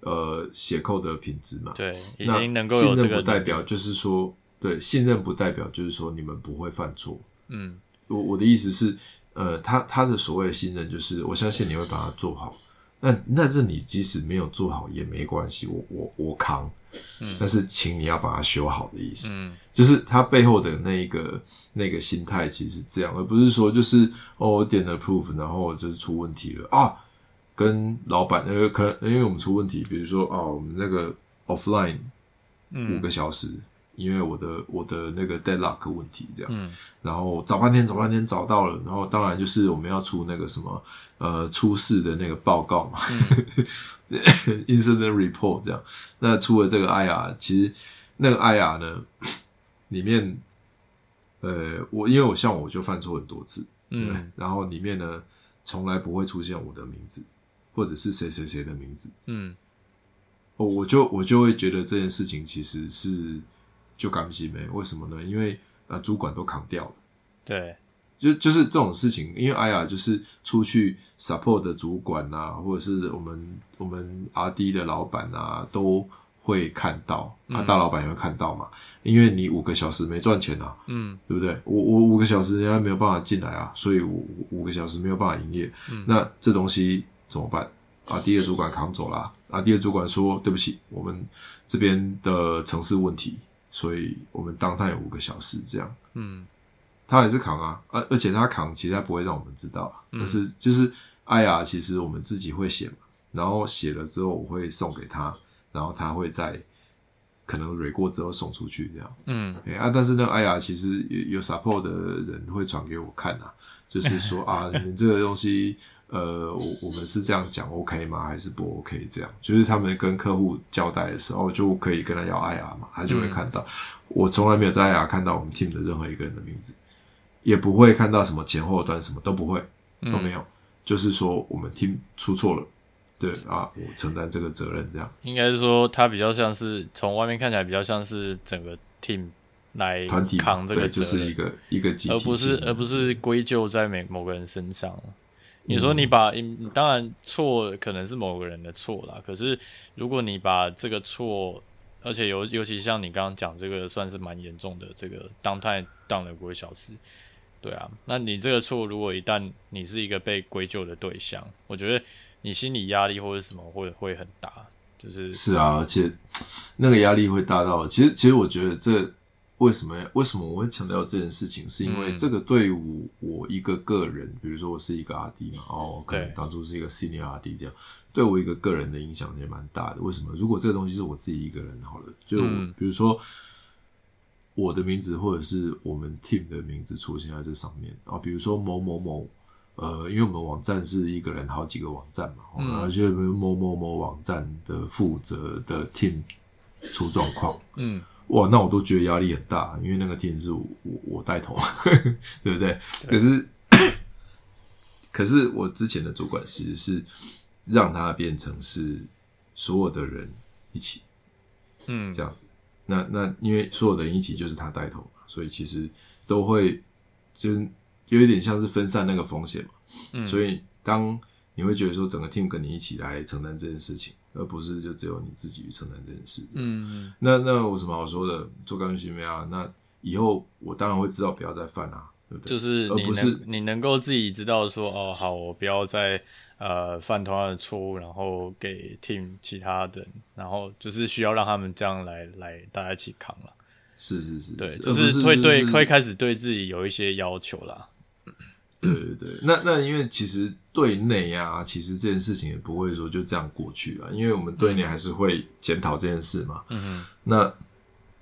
呃，寫扣的品質嘛。對，已經能夠有這個，那信任不代表就是說，對，對，信任不代表就是說你們不會犯錯。嗯，我我的意思是，呃，他他的所謂的信任就是我相信你會把它做好，嗯、那那是你即使沒有做好也沒關係，我我我扛。嗯、但是，請你要把它修好的意思，嗯、就是它背後的那個那個心態其實是這樣，而不是說就是哦，我點了 approve，然後就是出問題了啊，跟老板、欸、可能、欸、因為我們出問題，比如說啊，我們那個 offline 五個小時。嗯因為我的我的那個 deadlock 問題這樣，嗯、然後找半天找半天找到了，然後當然就是我們要出那個什麼呃出事的那個報告嘛，嗯、 ，incident report 這樣。那出了這個 IR 其實那個 IR 呢，裡面呃我因為我像我就犯錯很多次，嗯，然後裡面呢從來不會出現我的名字，或者是誰誰誰的名字，嗯，我就我就會覺得這件事情其實是。就趕不及沒？為什麼呢？因為呃，主管都扛掉了。對，就就是這種事情，因為哎呀，就是出去 support 的主管啊，或者是我們我們 RD 的老闆啊，都會看到啊，大老闆也會看到嘛。嗯、因為你五個小時沒賺錢啊，嗯，對不對？我我五個小時人家沒有辦法進來啊，所以我五個小時沒有辦法營業，嗯、那這東西怎麼辦？啊，RD 的主管扛走啦，啊，RD 的、嗯、主管說對不起，我們這邊的程式問題。所以我們當他有五個小時這樣，嗯，他還是扛啊，啊，而而且他扛其實他不會讓我們知道，啊，但是就是艾雅其實我們自己會寫嘛，然後寫了之後我會送給他，然後他會在可能 review 過之後送出去這樣，嗯，啊，但是那艾雅其實有有 support 的人會傳給我看啊，就是說啊，你這個東西。呃，我我們是這樣講 OK 嗎？還是不 OK？這樣就是他們跟客戶交代的時候就可以跟他要 IR 嘛，他就會看到、嗯、我從來沒有在 IR 看到我們 team 的任何一個人的名字，也不會看到什麼前後端，什麼都不會，都沒有。嗯、就是說我們 team 出錯了，對啊，我承擔這個責任。這樣應該是說他比較像是從外面看起來比較像是整個 team 來個團體扛這個，就是一個一個集體，而不是而不是歸咎在每某個人身上。你說你把，你當然錯可能是某個人的錯啦。可是如果你把這個錯，而且尤尤其像你剛剛講這個，算是蠻嚴重的這個 down time，down 了五個小時，對啊，那你這個錯如果一旦你是一個被歸咎的對象，我覺得你心理壓力或者什麼會會很大，就是是啊，而且那個壓力會大到，其實其實我覺得這個。為什麼？為什麼我會強調這件事情？是因為這個對我我一個個人，嗯、比如說我是一個 RD 嘛，嗯、哦，可能當初是一個 senior RD 這樣，對，對我一個個人的影響也蠻大的。為什麼？如果這個東西是我自己一個人好了，就、嗯、比如說我的名字，或者是我們 team 的名字出現在這上面啊，比如說某某某，呃，因為我們網站是一個人好幾個網站嘛，嗯哦、然後就是某，某某某網站的負責的 team 出狀況、嗯，嗯。哇，那我都覺得壓力很大，因為那個 team 是我我我帶頭嘛，呵呵，對不對？可是，對可是我之前的主管其實是讓他變成是所有的人一起，嗯，這樣子。那那因為所有的人一起就是他帶頭嘛，所以其實都會就是有一點像是分散那個風險嘛。嗯，所以當你會覺得說整個 team 跟你一起來承擔這件事情。而不是就只有你自己承擔這件事情。嗯，那那有什麼好說的？做幹員訓練啊，那以後我當然會知道不要再犯啊，對不對？就是不是你能夠自己知道說哦好，我不要再呃犯同樣的錯誤，然後給 team 其他的人，然後就是需要讓他們這樣來來大家一起扛了。是是是，是，對，就是會對會、呃、開始對自己有一些要求啦。對對對，那那因為其實，對內呀、啊，其實這件事情也不會說就這樣過去了，啊，因為我們對內還是會檢討這件事嘛。嗯哼那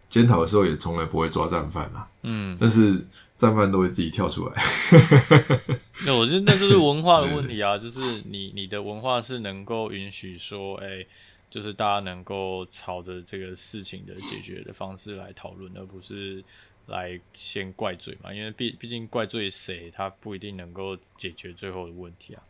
檢討的時候也從來不會抓戰犯嘛、啊。嗯哼。但是戰犯都會自己跳出來。那、 no, 我覺得那就是文化的問題啊， 對對對就是你你的文化是能夠允許說，哎、欸，就是大家能夠朝着這個事情的解決的方式來討論，而不是。來先怪罪嘛，因為畢畢竟怪罪誰，他不一定能夠解決最後的問題啊。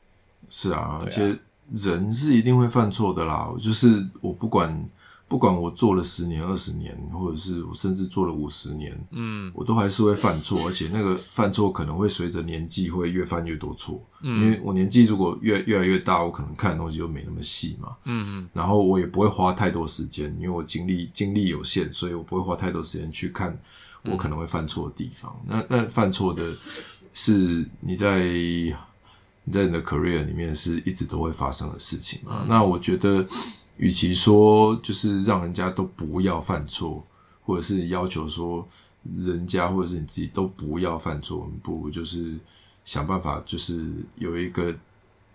是啊，啊而且人是一定會犯錯的啦。就是我不管不管我做了十年、二十年，或者是我甚至做了五十年，嗯，我都還是會犯錯。嗯，而且那個犯錯可能會隨着年紀會越犯越多錯。嗯，因為我年紀如果越越來越大，我可能看的東西就沒那麼細嘛。嗯嗯。然後我也不會花太多時間，因為我精力精力有限，所以我不會花太多時間去看，我可能會犯錯的地方，嗯、那那犯錯的是你在你在你的 career 裡面是一直都會發生的事情啊。嗯、那我覺得，與其說就是讓人家都不要犯錯，或者是要求說人家或者是你自己都不要犯錯，我們不如就是想辦法，就是有一個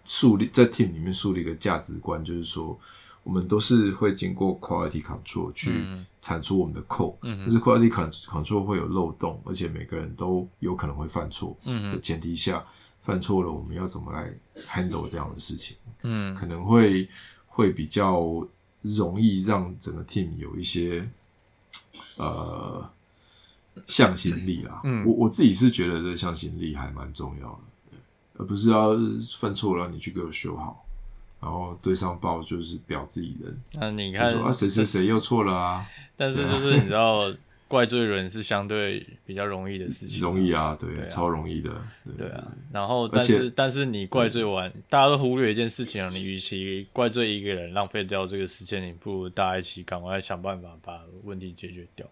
樹立在 team 裡面樹立一個價值觀，就是說我們都是會經過 quality control 去、嗯。產出我們的 code，就是 quality control 會有漏洞，而且每個人都有可能會犯錯。嗯，的前提下犯錯了，我們要怎麼來 handle 這樣的事情？嗯，可能會會比較容易讓整個 team 有一些呃向心力啊、嗯。嗯，我我自己是覺得這向心力還蠻重要的，而不是要、啊、犯錯了讓你去給我修好。然後對，上報就是表自己人，那你看啊誰誰誰又錯了啊？ 但是就是你知道，怪罪人是相對比較容易的事情， 容易啊，對，對啊、超容易的。對，對，對，對啊，然後但是且但是你怪罪完，嗯、大家都忽略一件事情啊、喔，你與其怪罪一個人，浪費掉這個時間，你不如大家一起趕快想辦法把問題解決掉。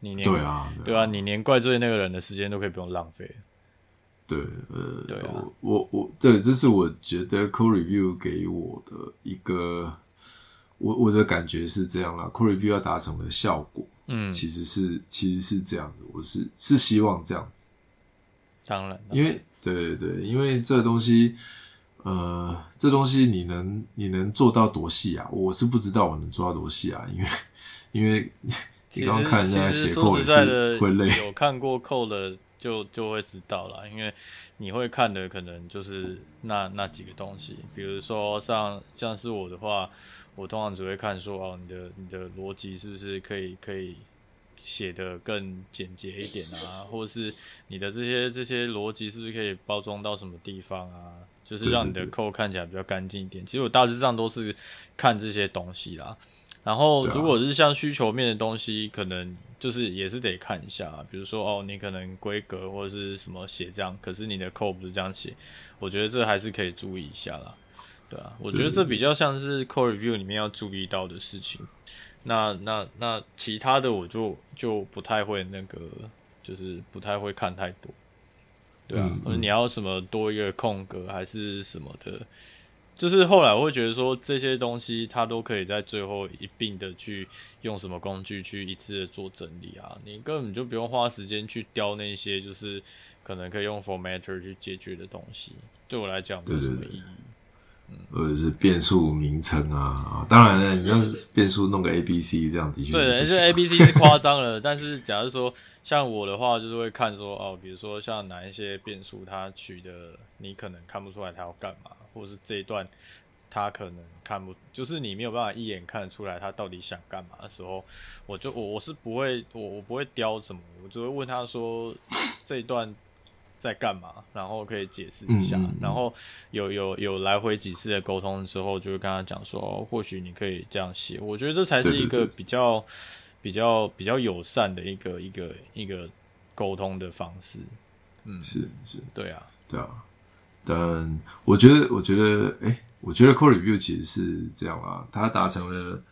你連對啊，對啊，對啊，你連怪罪那個人的時間都可以不用浪費。對，呃，對啊、我我我對，這是我覺得 Code Review 給我的一個，我我的感覺是這樣啦。嗯、Code Review 要達成的效果，嗯，其實是其實是這樣的，我是是希望這樣子，當然，因為對對對，因為這東西，呃，這東西你能你能做到多細啊？我是不知道我能做到多細啊，因為因為實 你剛看人家寫扣也是會累，實實你有看過扣的。就就會知道啦，因為你會看的可能就是那那幾個東西，比如說像像是我的話，我通常只會看說哦，你的你的邏輯是不是可以可以寫得更簡潔一點啊，或者是你的這些這些邏輯是不是可以包裝到什麼地方啊，就是讓你的 code 看起來比較乾淨一點。其實我大致上都是看這些東西啦，然後如果是像需求面的東西，可能。就是也是得看一下，比如說哦，你可能規格或者是什麼寫這樣，可是你的 code 不是這樣寫，我覺得這還是可以注意一下啦。對啊，我覺得這比較像是 code review 裡面要注意到的事情。那那那其他的我就就不太會那個，就是不太會看太多，對啊，嗯，或者你要什麼多一個空格還是什麼的。就是後來我會覺得說這些東西，它都可以在最後一併的去用什麼工具去一次的做整理啊，你根本就不用花時間去雕那些就是可能可以用 formatter 去解決的東西，對我來講沒有什麼意義，對對對。嗯，或者是變數名稱啊，啊，當然了，你用變數弄個 A B C 這樣的確是不行。就 A B C 是誇張了， 但是假如說像我的話，就是會看說哦，比如說像哪一些變數它取的，你可能看不出來它要幹嘛。或是這一段，他可能看不，就是你沒有辦法一眼看得出來他到底想幹嘛的時候，我就我我是不會，我我不會刁什麼，我只會問他說，這一段在幹嘛， 然後可以解釋一下，嗯嗯、然後有有有來回幾次的溝通之後，就會跟他講說，或許你可以這樣寫，我覺得這才是一個比較對對對比較比較友善的一個一個一個溝通的方式。嗯，是是，是對啊，對啊。但、嗯、我覺得，我覺得，哎，我覺得，code review 其實是這樣啊，它達成了，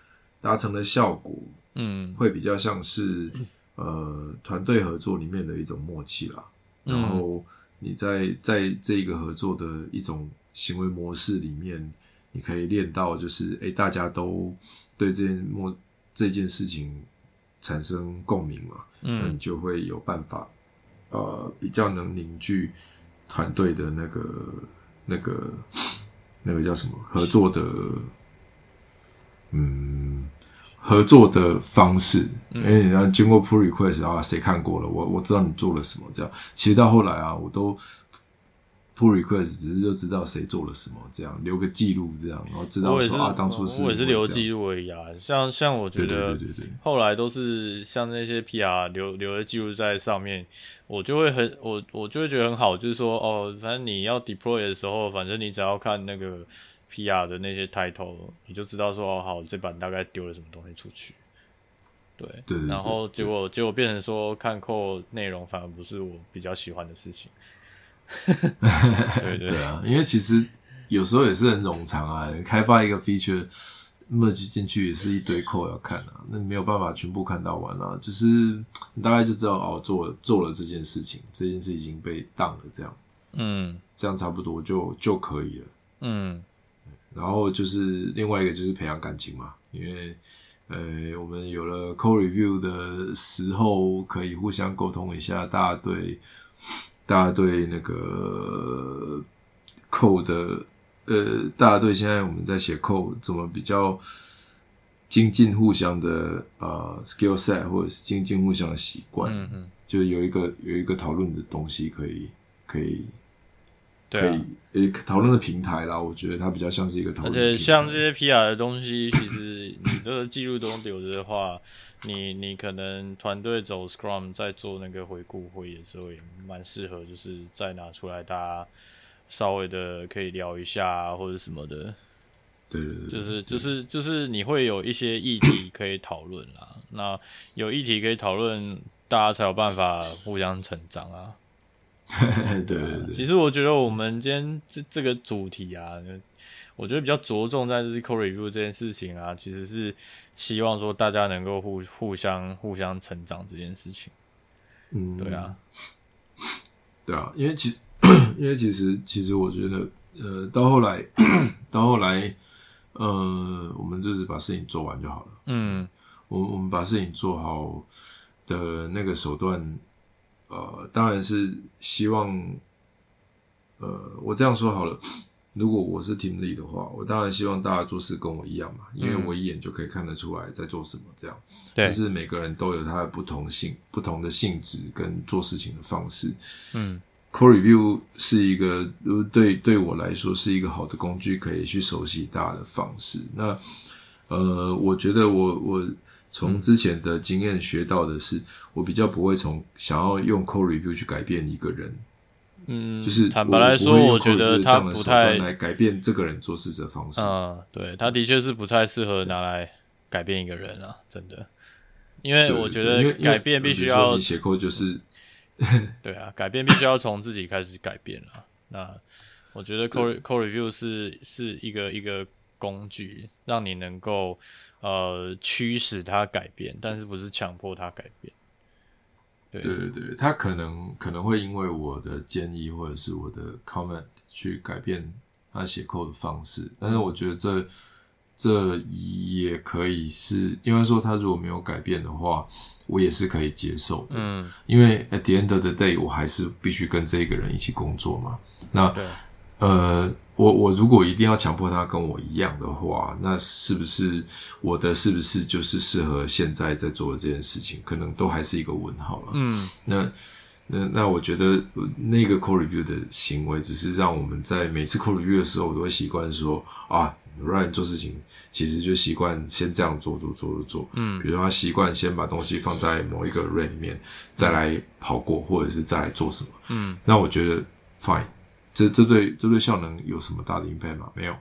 達成了效果，嗯，會比較像是，嗯、呃，團隊合作裡面的一種默契啦。然後你在、嗯、在這個合作的一種行為模式裡面，你可以練到，就是，哎，大家都對這件默這件事情產生共鳴嘛，嗯，那你就會有辦法，呃，比較能凝聚。團隊的那個、那個、那個叫什麼？合作的，嗯，合作的方式。嗯、因為你要經過 pull request 啊，誰看過了？我我知道你做了什麼。這樣，其實到後來啊，我都。Pull request 只是就知道誰做了什麼，這樣留個記錄，這樣然後知道說我也是啊，當初是。我也是留記錄而已啊，像像我覺得，後來都是像那些 PR 留留個記錄在上面，我就會很我我就會覺得很好，就是說哦，反正你要 deploy 的時候，反正你只要看那個 PR 的那些 title，你就知道說哦好，這版大概丟了什麼東西出去。對對，對。然後結果結果變成說看 code 內容，反而不是我比較喜歡的事情。對對啊，因為其實有時候也是很冗長啊。開發一個 feature merge 進去也是一堆 code 要看啊，那沒有辦法全部看到完啊。就是你大概就知道哦，做做了這件事情，這件事已經被當了，這樣嗯，這樣差不多就就可以了嗯。然後就是另外一個就是培養感情嘛，因為呃，我們有了 code review 的時候，可以互相溝通一下，大家對。大家對那個 code 的，呃，大家對現在我們在寫 code 怎麼比較精進互相的啊、呃、skill set，或者是精進互相的習慣，嗯嗯，就有一個有一個討論的東西可以可以。可對、啊，也討論的平台啦，我覺得它比較像是一個討論。而且像這些 PR 的東西， 其實你的記錄都有的話，你你可能團隊走 Scrum 在做那個回顧會議的時候，也蠻適合，就是再拿出來大家稍微的可以聊一下，啊、或者什麼的。對對對，對、就是。就是就是就是你會有一些議題可以討論啦， 那有議題可以討論，大家才有辦法互相成長啊。 對對對，對，其實我覺得我們今天這這個主題啊，我覺得比較着重在就是 code review 這件事情啊，其實是希望說大家能夠互互相互相成長這件事情。嗯，對啊，對啊，因為其實因為其實其實我覺得，呃，到後來 到後來，呃，我們就是把事情做完就好了。嗯，我，我我們把事情做好的那個手段。呃，當然是希望，呃，我這樣說好了，如果我是 team lead 的話，我當然希望大家做事跟我一樣嘛，因為我一眼就可以看得出來在做什麼。這樣，嗯、但是每個人都有他的不同性、不同的性質跟做事情的方式。嗯，code review 是一個對對我來說是一個好的工具，可以去熟悉大家的方式。那呃，我覺得我我。從之前的經驗學到的是，我比較不會從想要用 code review 去改變一個人。嗯，就是坦白來說，我，我覺得他不太來改變這個人做事的方式。嗯，嗯，對，他的確是不太適合拿來改變一個人啊，真的。因為我覺得改變必須要你寫扣就是、嗯、對啊，改變必須要從自己開始改變啊。 那我覺得 code review 是，是一個一個工具，讓你能夠。呃，驅使他改變，但是不是強迫他改變。對，對對對，他可能可能會因為我的建議或者是我的 comment 去改變他寫 code 的方式，但是我覺得這這也可以是因為說他如果沒有改變的話，我也是可以接受的。嗯，因為 at the end of the day，我還是必須跟這個人一起工作嘛。那、嗯、呃。我我如果一定要強迫他跟我一樣的話，那是不是我的是不是就是適合現在在做的這件事情，可能都還是一個問號了。嗯，那那那我覺得那個 code review 的行為，只是讓我們在每次 code review 的時候，我都會習慣說啊，Ryan 做事情，其實就習慣先這樣做做做做做。嗯，比如說他習慣先把東西放在某一個 run 裡面，再來跑過，或者是再來做什麼。嗯，那我覺得 fine。這這對這對效能有什麼大的影響嗎？沒有，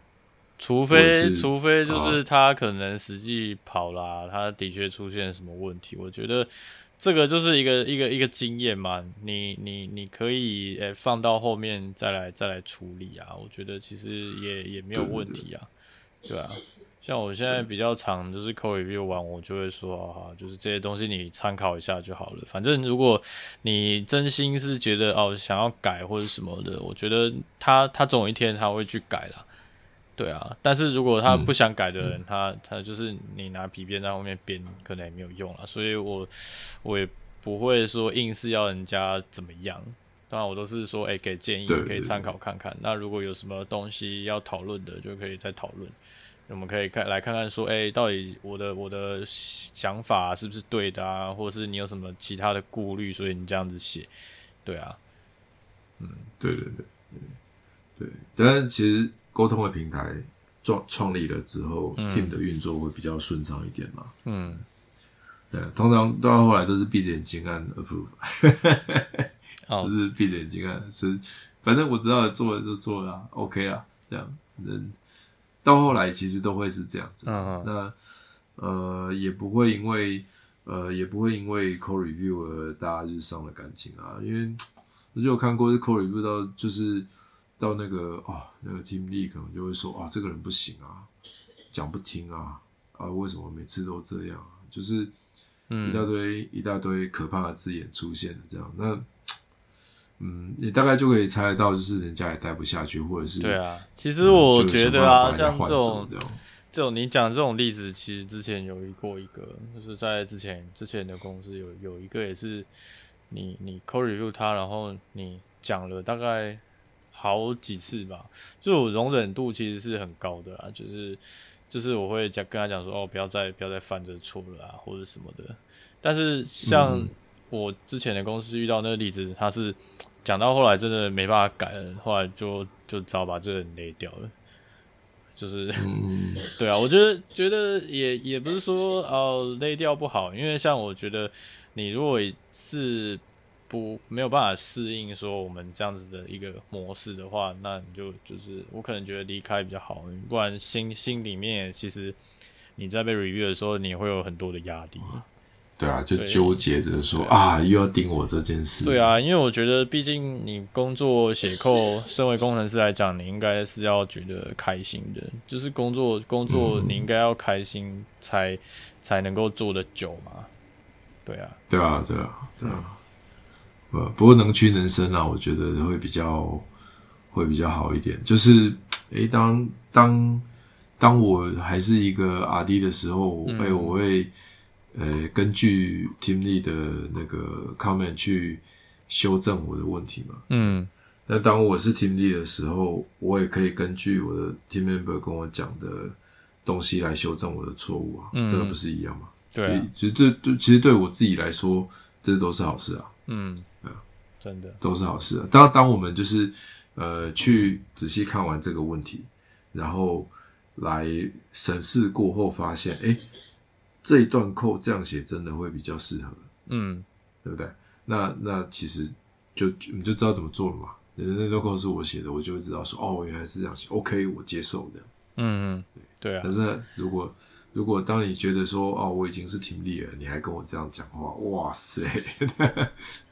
除非除非就是他可能實際跑了、啊，哦、他的確出現什麼問題。我覺得這個就是一個一個一個經驗嘛，你你你可以、欸、放到後面再來再來處理啊。我覺得其實也也沒有問題啊，對吧？對啊像我現在比較常就是 code review 完，我就會說啊，就是這些東西你參考一下就好了。反正如果你真心是覺得哦想要改或者什麼的，我覺得他他總有一天他會去改啦。對啊。但是如果他不想改的人，嗯、他他就是你拿皮鞭在後面鞭，可能也沒有用啦。所以我我也不會說硬是要人家怎麼樣。當然我都是說，誒、欸，給建議，可以參考看看。對對對。那如果有什麼東西要討論的，就可以再討論。我們可以看來看看，說，哎、欸，到底我的我的想法是不是對的啊？或者是你有什麼其他的顧慮，所以你這樣子寫，對啊，嗯，對對對，對。但是其實溝通的平台創創立了之後、嗯、，team 的運作會比較順暢一點嘛？嗯，對，通常到後來都是閉着眼睛按，approve， oh. 就是閉着眼睛按。是反正我知道了做了就做了啊，OK 啊，這樣到後來其實都會是這樣子，嗯、哼那呃也不會因為呃也不會因為 code review 而大家就傷了感情啊，因為我就有看過是 code review 到就是到那個啊、哦、那個 team lead 可能就會說啊、哦、這個人不行啊，講不聽啊，啊為什麼每次都這樣，啊、就是一大堆、嗯、一大堆可怕的字眼出現了這樣那。嗯，你大概就可以猜得到，就是人家也待不下去，或者是對啊。其實我覺得、嗯、啊，像這種，哦、這種你講這種例子，其實之前有一過一個，就是在之前之前的公司有有一個也是你，你你 code review 他，然後你講了大概好幾次吧，就我容忍度其實是很高的啊，就是就是我會講跟他講說，哦，不要再不要再犯這錯了啊，或者什麼的。但是像我之前的公司遇到那個例子，嗯、他是。講到後來真的沒辦法改了，後來就就只好把這個人累掉了。就是，嗯、 對啊，我覺得覺得也也不是說哦、呃、累掉不好，因為像我覺得你如果是不沒有辦法適應說我們這樣子的一個模式的話，那你就就是我可能覺得離開比較好，不然心心裡面其實你在被 review 的時候，你會有很多的壓力。對啊，就糾結着說啊，啊，啊，又要盯我這件事。對啊，因為我覺得，畢竟你工作寫 code，身為工程師來講，你應該是要覺得開心的。就是工作工作，你應該要開心才，才、嗯、才能夠做得久嘛。對啊，對啊，對啊，對啊。呃、嗯，不過能屈能伸啊，我覺得會比較會比較好一點。就是，哎，當當當我還是一個 RD 的時候，哎、嗯，我會。呃，根據 team lead 的那個 comment 去修正我的問題嘛。嗯，那當我是 team lead 的時候，我也可以根據我的 team member 跟我講的東西來修正我的錯誤啊。嗯，這個不是一樣嗎？對、啊，其，其實對，其實對我自己來說，這都是好事啊。嗯，啊、真的都是好事、啊。當當我們就是呃，去仔細看完這個問題，然後來審視過後，發現哎。誒這一段扣這樣寫真的會比較適合，嗯，對不對？那那其實就，就你就知道怎麼做了嘛。那那段扣是我寫的，我就會知道說哦，原來是這樣寫，OK，我接受的。嗯嗯，對對啊。可是如果。如果當你覺得說哦，我已經是挺厲害了，你還跟我這樣講話，哇塞！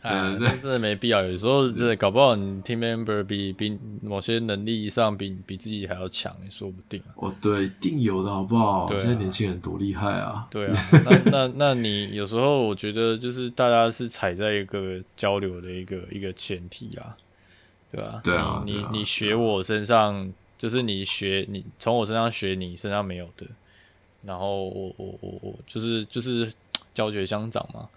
啊，真的沒必要。有時候真的搞不好，你 team member 比比某些能力上比比自己還要強，說不定、啊。哦，對，一定有的，好不好？對啊、現在年輕人多厲害啊！對啊，那那那你有時候我覺得，就是大家是踩在一個交流的一個一個前提啊，對吧？對啊，你你學我身上，啊、就是你學你從我身上學你身上沒有的。然後我我我我就是就是教學相長嘛，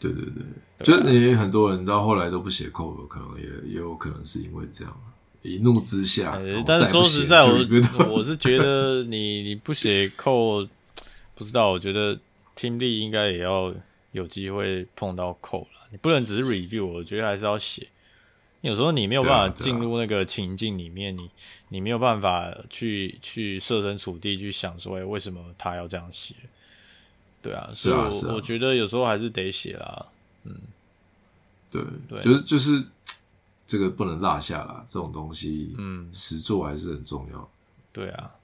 對對對，對啊、就你很多人到後來都不寫扣，可能也也有可能是因為這樣，一怒之下，嗯、但是說實在，我是我是覺得你你不寫扣， 不知道，我覺得 Team Lead 應該也要有機會碰到扣了，你不能只是 review，我覺得還是要寫。有時候你沒有辦法進入那個情境裡面，啊啊、你你沒有辦法去去設身處地去想說，哎、欸，為什麼他要這樣寫？對啊，是啊，是啊，我，我覺得有時候還是得寫啦，嗯，對對、就是，就是就是這個不能落下啦，這種東西，嗯，實作還是很重要。對啊，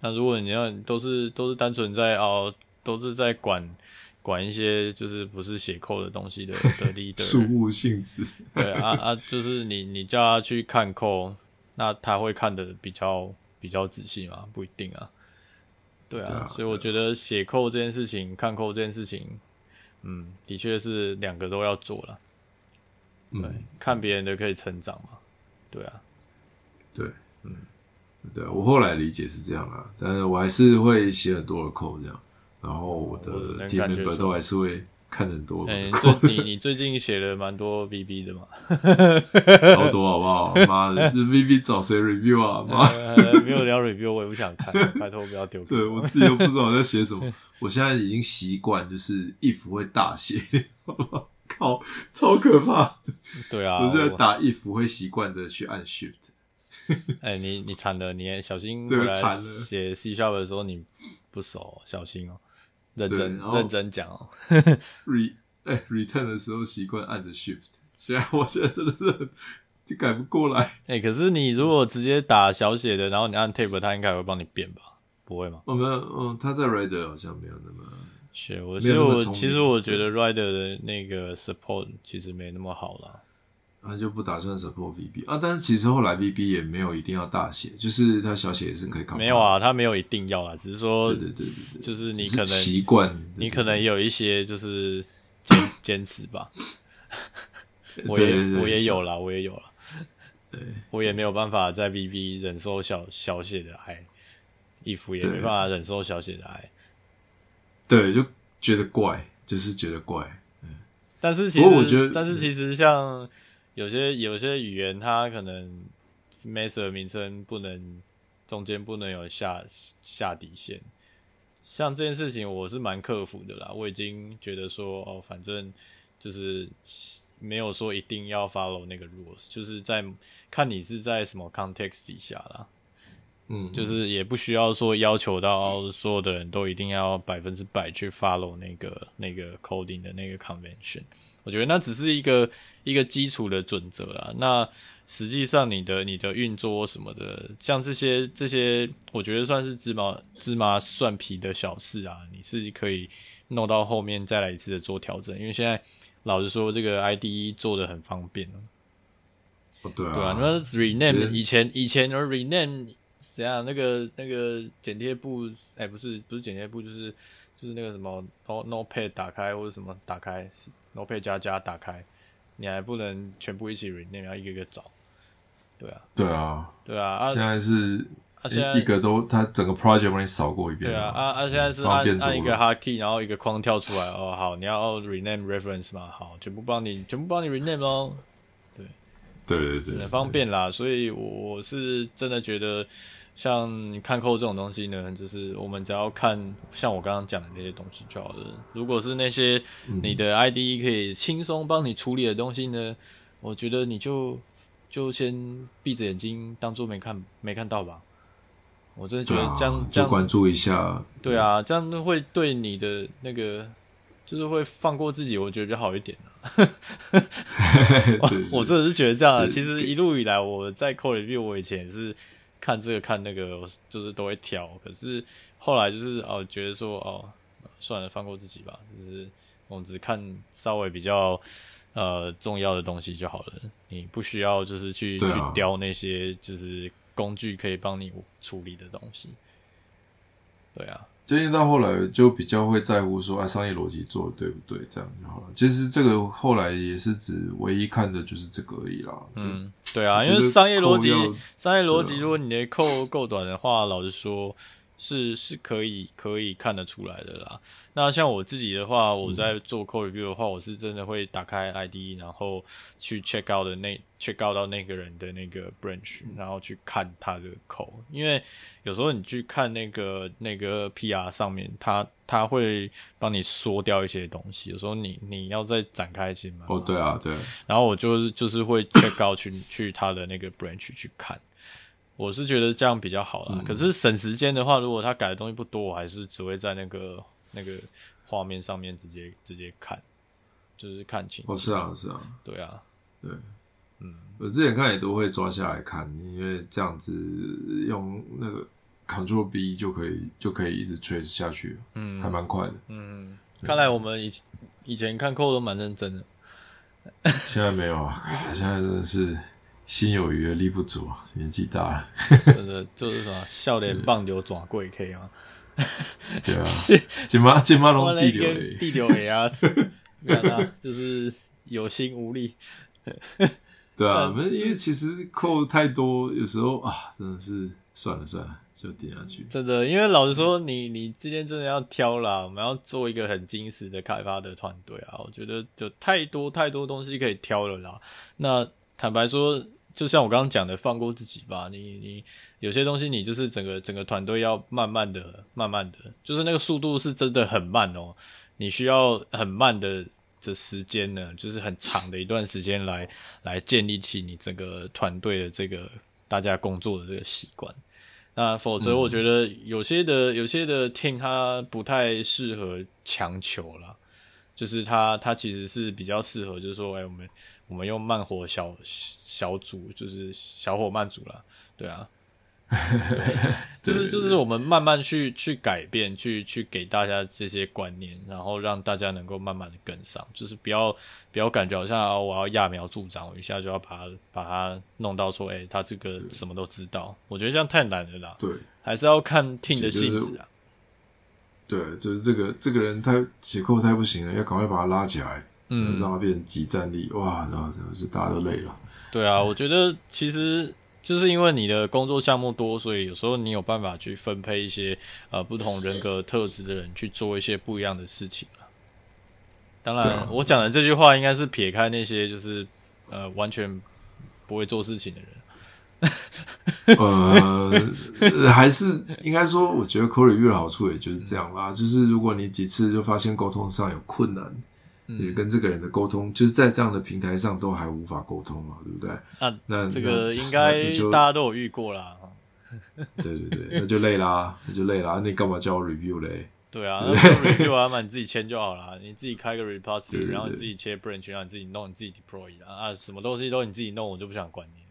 那如果你要都是都是單純在哦，都是在管。管一些就是不是寫扣的東西的，得的，得力的庶務性質。 對啊啊，就是你你叫他去看扣，那他會看的比較比較仔細嗎？不一定啊，對啊，對啊，所以我覺得寫扣這件事情，啊、看扣這件事情，嗯，的確是兩個都要做啦，嗯對，看別人的可以成長嘛，對啊，對，嗯，對、啊、我後來理解是這樣啦，但是我還是會寫很多的扣這樣。然後我的 team member 都還是會看很多。哎，最你你最近寫了蠻多 VB 的嘛，超多好不好？媽的，這 VB 找誰 review 啊？媽，沒有聊 review，我也不想看，拜托不要丟。對，我自己都不知道我在寫什麼。我現在已經習慣就是 if 會大寫，靠，超可怕。對啊，我現在打 if 會習慣的去按 shift。哎，你你慘了，你也小心，對，慘了，過來寫 C sharp 的時候你不熟，小心哦。認真認真講哦、喔、嘿嘿 Re、欸、return 的時候習慣按着 shift，雖然我現在真的是就改不過來，哎、欸，可是你如果直接打小寫的，然後你按 tab，它應該會幫你變吧？不會嗎？我沒有，嗯，他在 Rider 好像沒有那麼學，我其實我其實我覺得 Rider 的那個 support 其實沒那麼好啦。他就不打算 support VB 啊，但是其實後來 VB 也沒有一定要大寫，就是他小寫也是可以考慮。沒有啊，他沒有一定要啦，只是說，對對對，就是你可能習慣，對對對，你可能有一些就是堅堅 持吧。 我也對對對，我也有啦，我也有了，對我也沒有辦法在 VB 忍受小小寫的愛，衣服對也沒辦法忍受小寫的愛，對，就覺得怪，就是覺得怪。但是其實，我覺得但是其實像。有些有些語言它可能 method 名稱不能中間不能有下下底線，像這件事情我是蠻克服的啦，我已經覺得說哦，反正就是沒有說一定要 follow 那個 rules，就是在看你是在什麼 context 底下啦，嗯，就是也不需要說要求到所、哦、有的人都一定要百分之百去 follow 那個那個 coding 的那個 convention。我覺得那只是一個一個基礎的準則啊。那實際上你的你的運作什麼的，像這些這些，我覺得算是芝麻芝麻蒜皮的小事啊。你是可以弄到後面再來一次的做調整。因為現在老實說，這個 ID 做得很方便。不、哦、對啊。對啊，那 rename 以前其實 以前而 rename 誰啊？那個那個剪貼簿，哎、欸，不是不是剪貼簿，就是就是那個什麼 no notepad 打開或者什麼打開。Notepad 加加打開，你還不能全部一起 rename，要一個一個找，對啊，對啊，對啊。現在是，現在、啊、一個都，他整個 project 幫你掃過一遍。對啊，他啊！現在是按、嗯、按一個 hot key，然後一個框跳出來。 哦，好，你要 rename reference 嗎？好，全部幫你，全部幫你 rename 哦。對，對對對對，對，很方便啦。所以，我我是真的覺得。像看扣這種東西呢，就是我們只要看像我剛剛講的那些東西就好了。如果是那些你的 ID 可以輕鬆幫你處理的東西呢，嗯、我覺得你就就先閉着眼睛，當作沒看沒看到吧。我真的覺得這樣，啊、這樣關注一下。對啊，嗯、這樣會對你的那個，就是會放過自己，我覺得就好一點呵、啊、 我, 對我真的是覺得這樣。對其實一路以來我在扣裡面，我以前也是。看這個看那個，我就是都會挑。可是後來就是哦、呃，覺得說哦，算了，放過自己吧。就是我們只看稍微比較呃重要的東西就好了。你不需要就是去、啊、去雕那些就是工具可以幫你處理的東西。對啊。最近到後來就比較會在乎說，啊，商業邏輯做的對不對，這樣就好了。其實這個後來也是只唯一看的就是這個而已啦。嗯，對啊，因為商業邏輯，啊、商業邏輯，如果你的扣夠短的話，老實說。是是可以可以看得出來的啦。那像我自己的話，我在做 code review 的話，嗯、我是真的會打開 IDE 然後去 check out 的那 check out 到那個人的那個 branch，然後去看他的 code。因為有時候你去看那個那個 PR 上面，他他會幫你縮掉一些東西。有時候你你要再展開一些嘛。哦，對啊，對。然後我就是就是會 check out 去 去他的那個 branch 去看。我是覺得這樣比較好啦。嗯、可是省時間的話，如果他改的東西不多，我還是只會在那個那個畫面上面直接直接看，就是看清楚、哦。是啊，是啊，對啊，對，嗯，我之前看也都會抓下來看，因為這樣子用那個 Control B 就可以就可以一直 trace 下去，嗯，還蠻快的。嗯，看來我們以、嗯、以前看 Code 都蠻認真的，現在沒有啊， 現在真的是。 心有餘而力不足，年紀大了，真的就是什麼笑臉棒球轉櫃可以嗎？對？對啊，金馬是、金毛龍地流地流黑啊，就是有心無力。對啊，但 因為其實扣太多，有時候啊，真的是算了算了，就點下去。真的，因為老實說你，你你今天真的要挑啦，我們要做一個很精實的開發的團隊啊，我覺得就太多太多東西可以挑了啦。那坦白說。就像我剛剛講的，放過自己吧。你你有些東西，你就是整個整個團隊要慢慢的、慢慢的，就是那個速度是真的很慢哦。你需要很慢的的時間呢，就是很長的一段時間來來建立起你整個團隊的這個大家工作的這個習慣。那否則，我覺得有些的、嗯、有些的 team 他不太適合強求啦，就是他他其實是比較適合，就是說，哎、欸，我們。我們用慢火小小組，就是小火慢煮啦，對啊，對 對對對，就是就是我們慢慢去去改變，去去給大家這些觀念，然後讓大家能夠慢慢的跟上，就是不要不要感覺好像、哦、我要揠苗助長，我一下就要把他把它弄到說，哎、欸，他這個什麼都知道，對 我覺得這樣太難了啦，對，還是要看聽的性質啊、就是，對，就是這個這個人他結構太不行了，要趕快把他拉起來。嗯，讓它變成即戰力，哇，然後真的是大家都累了。對啊，我覺得其實就是因為你的工作項目多，所以有時候你有辦法去分配一些呃不同人格特質的人去做一些不一樣的事情。當然，我講的這句話應該是撇開那些就是呃完全不會做事情的人。嗯。 呃，還是應該說，我覺得 code review 的好處也就是這樣啦，就是如果你幾次就發現溝通上有困難。也跟這個人的溝通，就是在這樣的平台上都還無法溝通嘛，對不對？那那這個應該大家都有遇過啦。對對對，那就累啦，那就累啦。那你幹嘛叫我 review 嘞？對啊，那 review 完嘛，你自己簽就好啦，你自己開個 repository，然後你自己切 branch，讓你自己弄，你自己 deploy 啊，什麼東西都你自己弄，我就不想管你。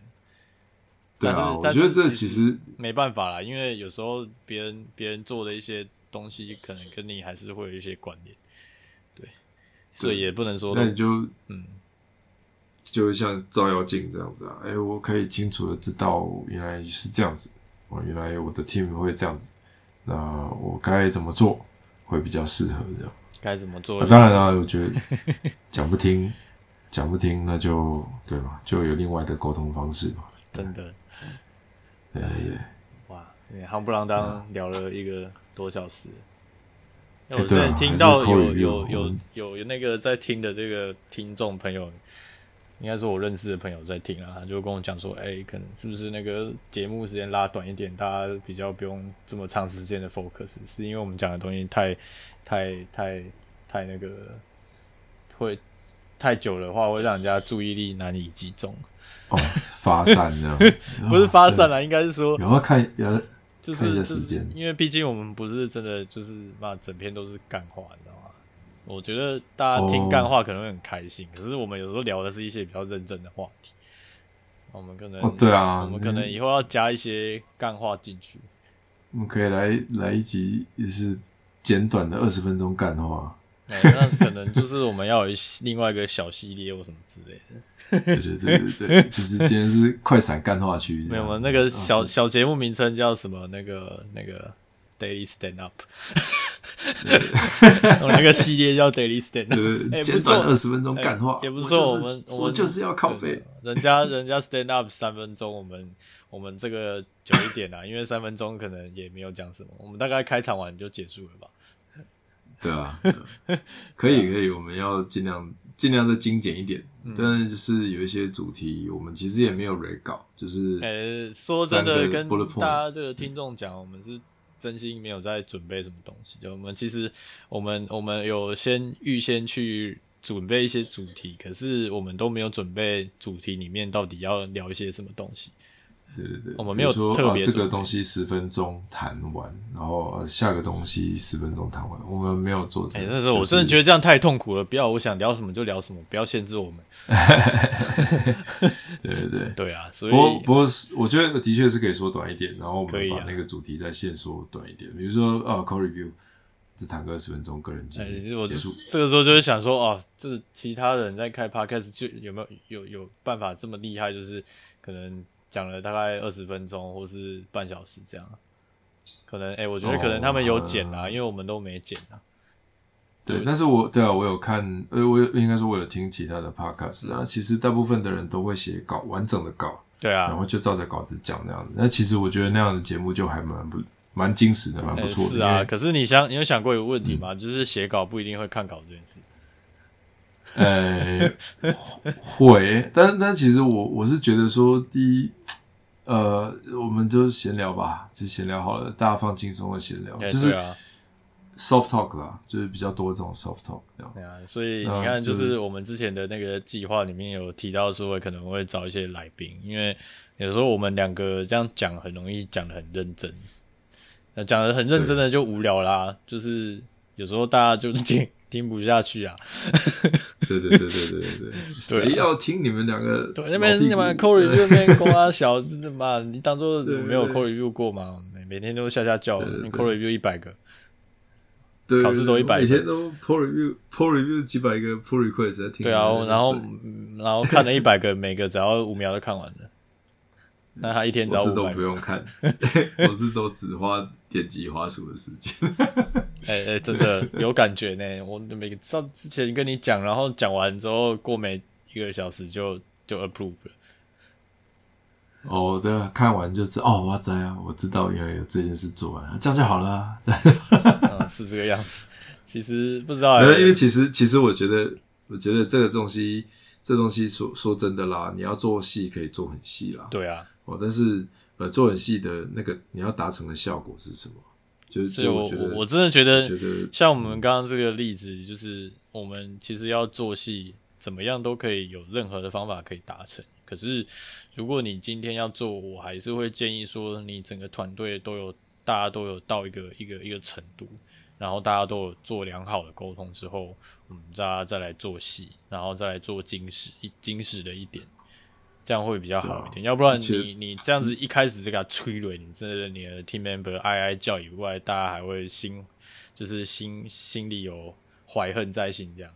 對啊，我覺得這其實沒辦法啦，因為有時候別人別人做的一些東西，可能跟你還是會有一些關聯。所以也不能說，那你就嗯，就像照妖鏡這樣子啊，哎、欸，我可以清楚的知道原來是這樣子，哦，原來我的 team 會這樣子，那我該怎麼做會比較適合這樣？該怎麼做、啊？當然啦、啊，我覺得講不聽，講 不聽，那就對嘛，就有另外的溝通方式嘛。真的，呃、嗯，對對對哇也，夯不啷噹聊了一個多小時。嗯欸、我現在聽到有有有有有那個在聽的這個聽眾朋友，應該說我認識的朋友在聽啊，他就跟我講說，哎，可能是不是那個節目時間拉短一點，大家比較不用這麼長時間的 focus，是因為我們講的東西太太太太那個會太久的話，會讓人家注意力難以集中。哦，發散了， 不是發散了，應該是說有沒有看有。就是，因為畢竟我們不是真的，就是嘛，整篇都是幹話，你知道嗎？我覺得大家聽幹話可能會很開心，可是我們有時候聊的是一些比較認真的話題。我們可能，對啊，我們可能以後要加一些幹話進去。我們可以來來一集，也是簡短的二十分鐘幹話。那可能就是我們要有另外一個小系列或什麼之類的。對對對對，就是今天是快閃乾話區。沒有，那個小小節目名稱叫什麼？那個那個 Daily Stand Up。我們那個系列叫 Daily Stand Up，簡短二十分鐘乾話。也不是說我們，我就是要靠北。人家人家 Stand Up 三分鐘，我們我們這個久一點啦，因為三分鐘可能也沒有講什麼。我們大概開場完就結束了吧。 對啊，可以可以，我們要盡量盡量再精簡一點，嗯、但是就是有一些主題，我們其實也沒有 re go，就是呃、欸，說真的，跟大家這個聽眾講，我們是真心沒有在準備什麼東西。就我們其實我們我們有先預先去準備一些主題，可是我們都沒有準備主題裡面到底要聊一些什麼東西。對對對，我們沒有特別說啊、呃，這個東西十分鐘談完，然後、呃、下個東西十分鐘談完，我們沒有做。哎、欸，那時候我，就是、我真的覺得這樣太痛苦了，不要我想聊什麼就聊什麼，不要限制我們。 對對對，對啊，所以不過，不過我覺得的確是可以說短一點，然後我們把那個主題再限縮短一點，啊、比如說啊、呃、code review 只談個十分鐘，個人經歷結束、欸、這個時候就會想說，對哦，這其他人在開 podcast 就有沒有有有辦法這麼厲害？就是可能。講了大概二十分鐘或是半小時這樣，可能哎、欸，我覺得可能他們有剪啦、啊，oh, uh, 因為我們都沒剪啊。對，對對但是我對啊，我有看，呃，我有應該說，我有聽其他的 podcast 啊。其實大部分的人都會寫稿，完整的稿，對啊，然後就照着稿子講那樣子。那其實我覺得那樣的節目就還蠻不蠻精實的，蠻不錯的。欸、是啊，為可是你想，你有想過一個問題嗎？嗯、就是寫稿不一定會看稿這件事。呃，會， 但但其實我我是覺得說，第一，呃，我們就閒聊吧，就閒聊好了，大家放輕鬆的閒聊，欸、就是 soft talk 啦，啊、就是比較多這種 soft talk。對啊，所以你看，就是我們之前的那個計劃裡面有提到說，可能會找一些來賓，因為有時候我們兩個這樣講很容易講的很認真，講的很認真的就無聊啦，對就是有時候大家就聽。 聽不下去啊！對對對對對對對，誰要聽你們兩個？那邊你們 code review 那邊啊，小，真的嗎？你當做我沒有 code review 過嗎？每天都下下叫你 code review 一百個，考試都一百，每天都 PR review PR review 幾百個 pull request，對啊，然後然後看了一百個，每個只要五秒就看完了。那他一天只要五百都不用看，我是都只花。點擊花什麼時間？哎 哎、欸欸，真的有感覺呢。我每上之前跟你講，然後講完之後，過沒一個小時就就 approve 了。哦，對、啊，看完就知道哦，哇塞啊，我知道原來有這件事，做完了這樣就好了、啊 嗯。是這個樣子。其實不知道、欸，因為其實其實我覺得，我覺得這個東西，這東西說說真的啦，你要做細可以做很細啦。對啊，哦，但是。呃，做戲的那個你要達成的效果是什麼？就是我是我，我真的覺得，像我們剛剛這個例子，就是我們其實要做戲，怎麼樣都可以，有任何的方法可以達成。可是如果你今天要做，我還是會建議說，你整個團隊都有，大家都有到一個一個一個程度，然後大家都有做良好的溝通之後，我們大家再來做戲，然後再來做精實，精實的一點。這樣會比較好一點，啊、要不然你實你這樣子一開始就給他催淚，你真的你的 team member 哀哀叫以外，大家還會心就是心心裡有懷恨在心這樣。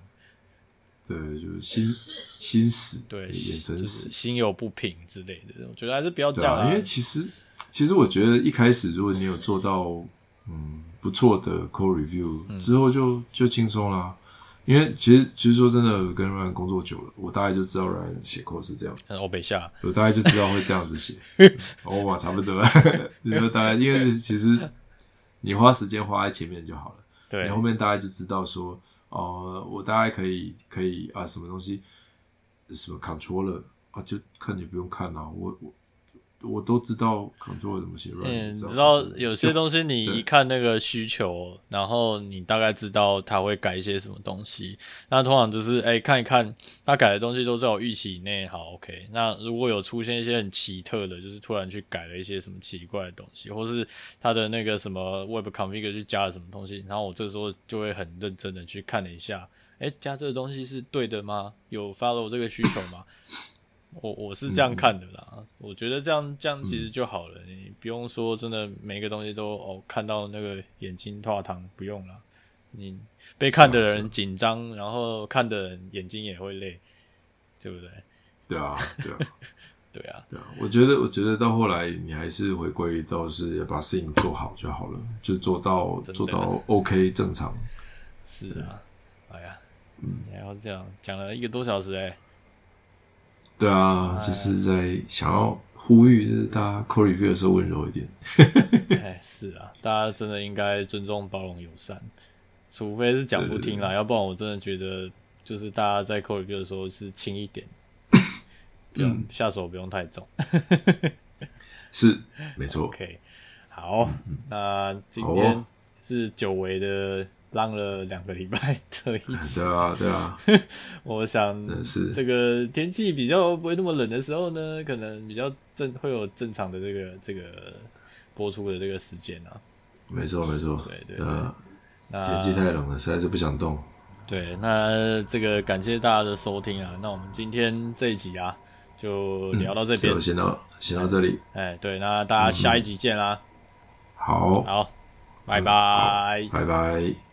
對，就是心對心死，對，眼神死，心有不平之類的，我覺得還是不要這樣、啊啊。因為其實其實我覺得一開始如果你有做到嗯不錯的 code review、嗯、之後就，就就輕鬆啦。因為其實其實說真的，跟瑞安工作久了，我大概就知道瑞安寫 code 是這樣。我下，我大概就知道會這樣子寫。我嘛、 哦，差不多了。你說 大概，因為其實你花時間花在前面就好了。對，你後面大概就知道說，哦、呃，我大概可以可以啊，什麼東西什麼 controller 啊，就看你不用看了、啊。我我。我都知道，config 會怎麼寫亂。嗯，嗯，知道有些東西，就你一看那個需求，對然後你大概知道他會改一些什麼東西。那通常就是，誒、欸、看一看他改的東西都在我預期以內，好，OK。那如果有出現一些很奇特的，就是突然去改了一些什麼奇怪的東西，或是他的那個什麼 Web Config 去加了什麼東西，然後我這時候就會很認真的去看了一下，誒、欸，加這個東西是對的嗎？有 follow 這個需求嗎？ 我我是這樣看的啦，嗯、我覺得這樣這樣其實就好了，嗯、你不用說真的每一個東西都哦看到那個眼睛畫堂，不用了，你被看的人緊張，啊啊、然後看的人眼睛也會累，對不對？對啊，對啊， 對啊，對啊。我覺得我覺得到後來你還是回歸到是要把事情做好就好了，就做到做到 OK 正常。是啊，嗯、哎呀，嗯，然後這樣講了一個多小時哎、欸。對啊，就是在想要呼籲，就是大家 Code Review 的時候溫柔一點 是啊，大家真的應該尊重、包容、友善，除非是講不聽啦，對對對，要不然我真的覺得，就是大家在 Code Review 的時候是輕一點，不用下手不用太重。 是，沒錯。OK，好，嗯嗯，那今天是久違的。浪了兩個禮拜的一集，對啊，對啊。 我想、嗯，是這個天氣比較不會那麼冷的時候呢，可能比較正會有正常的這個這個播出的這個時間啊。沒錯，沒錯。對，對對。啊、天氣太冷了，那實在是不想動。對，那這個感謝大家的收聽啊，那我們今天這一集啊，就聊到這邊，嗯、先到先到這裡。哎、欸，對，那大家下一集見啦。嗯嗯好，好拜拜、嗯，好，拜拜，拜拜。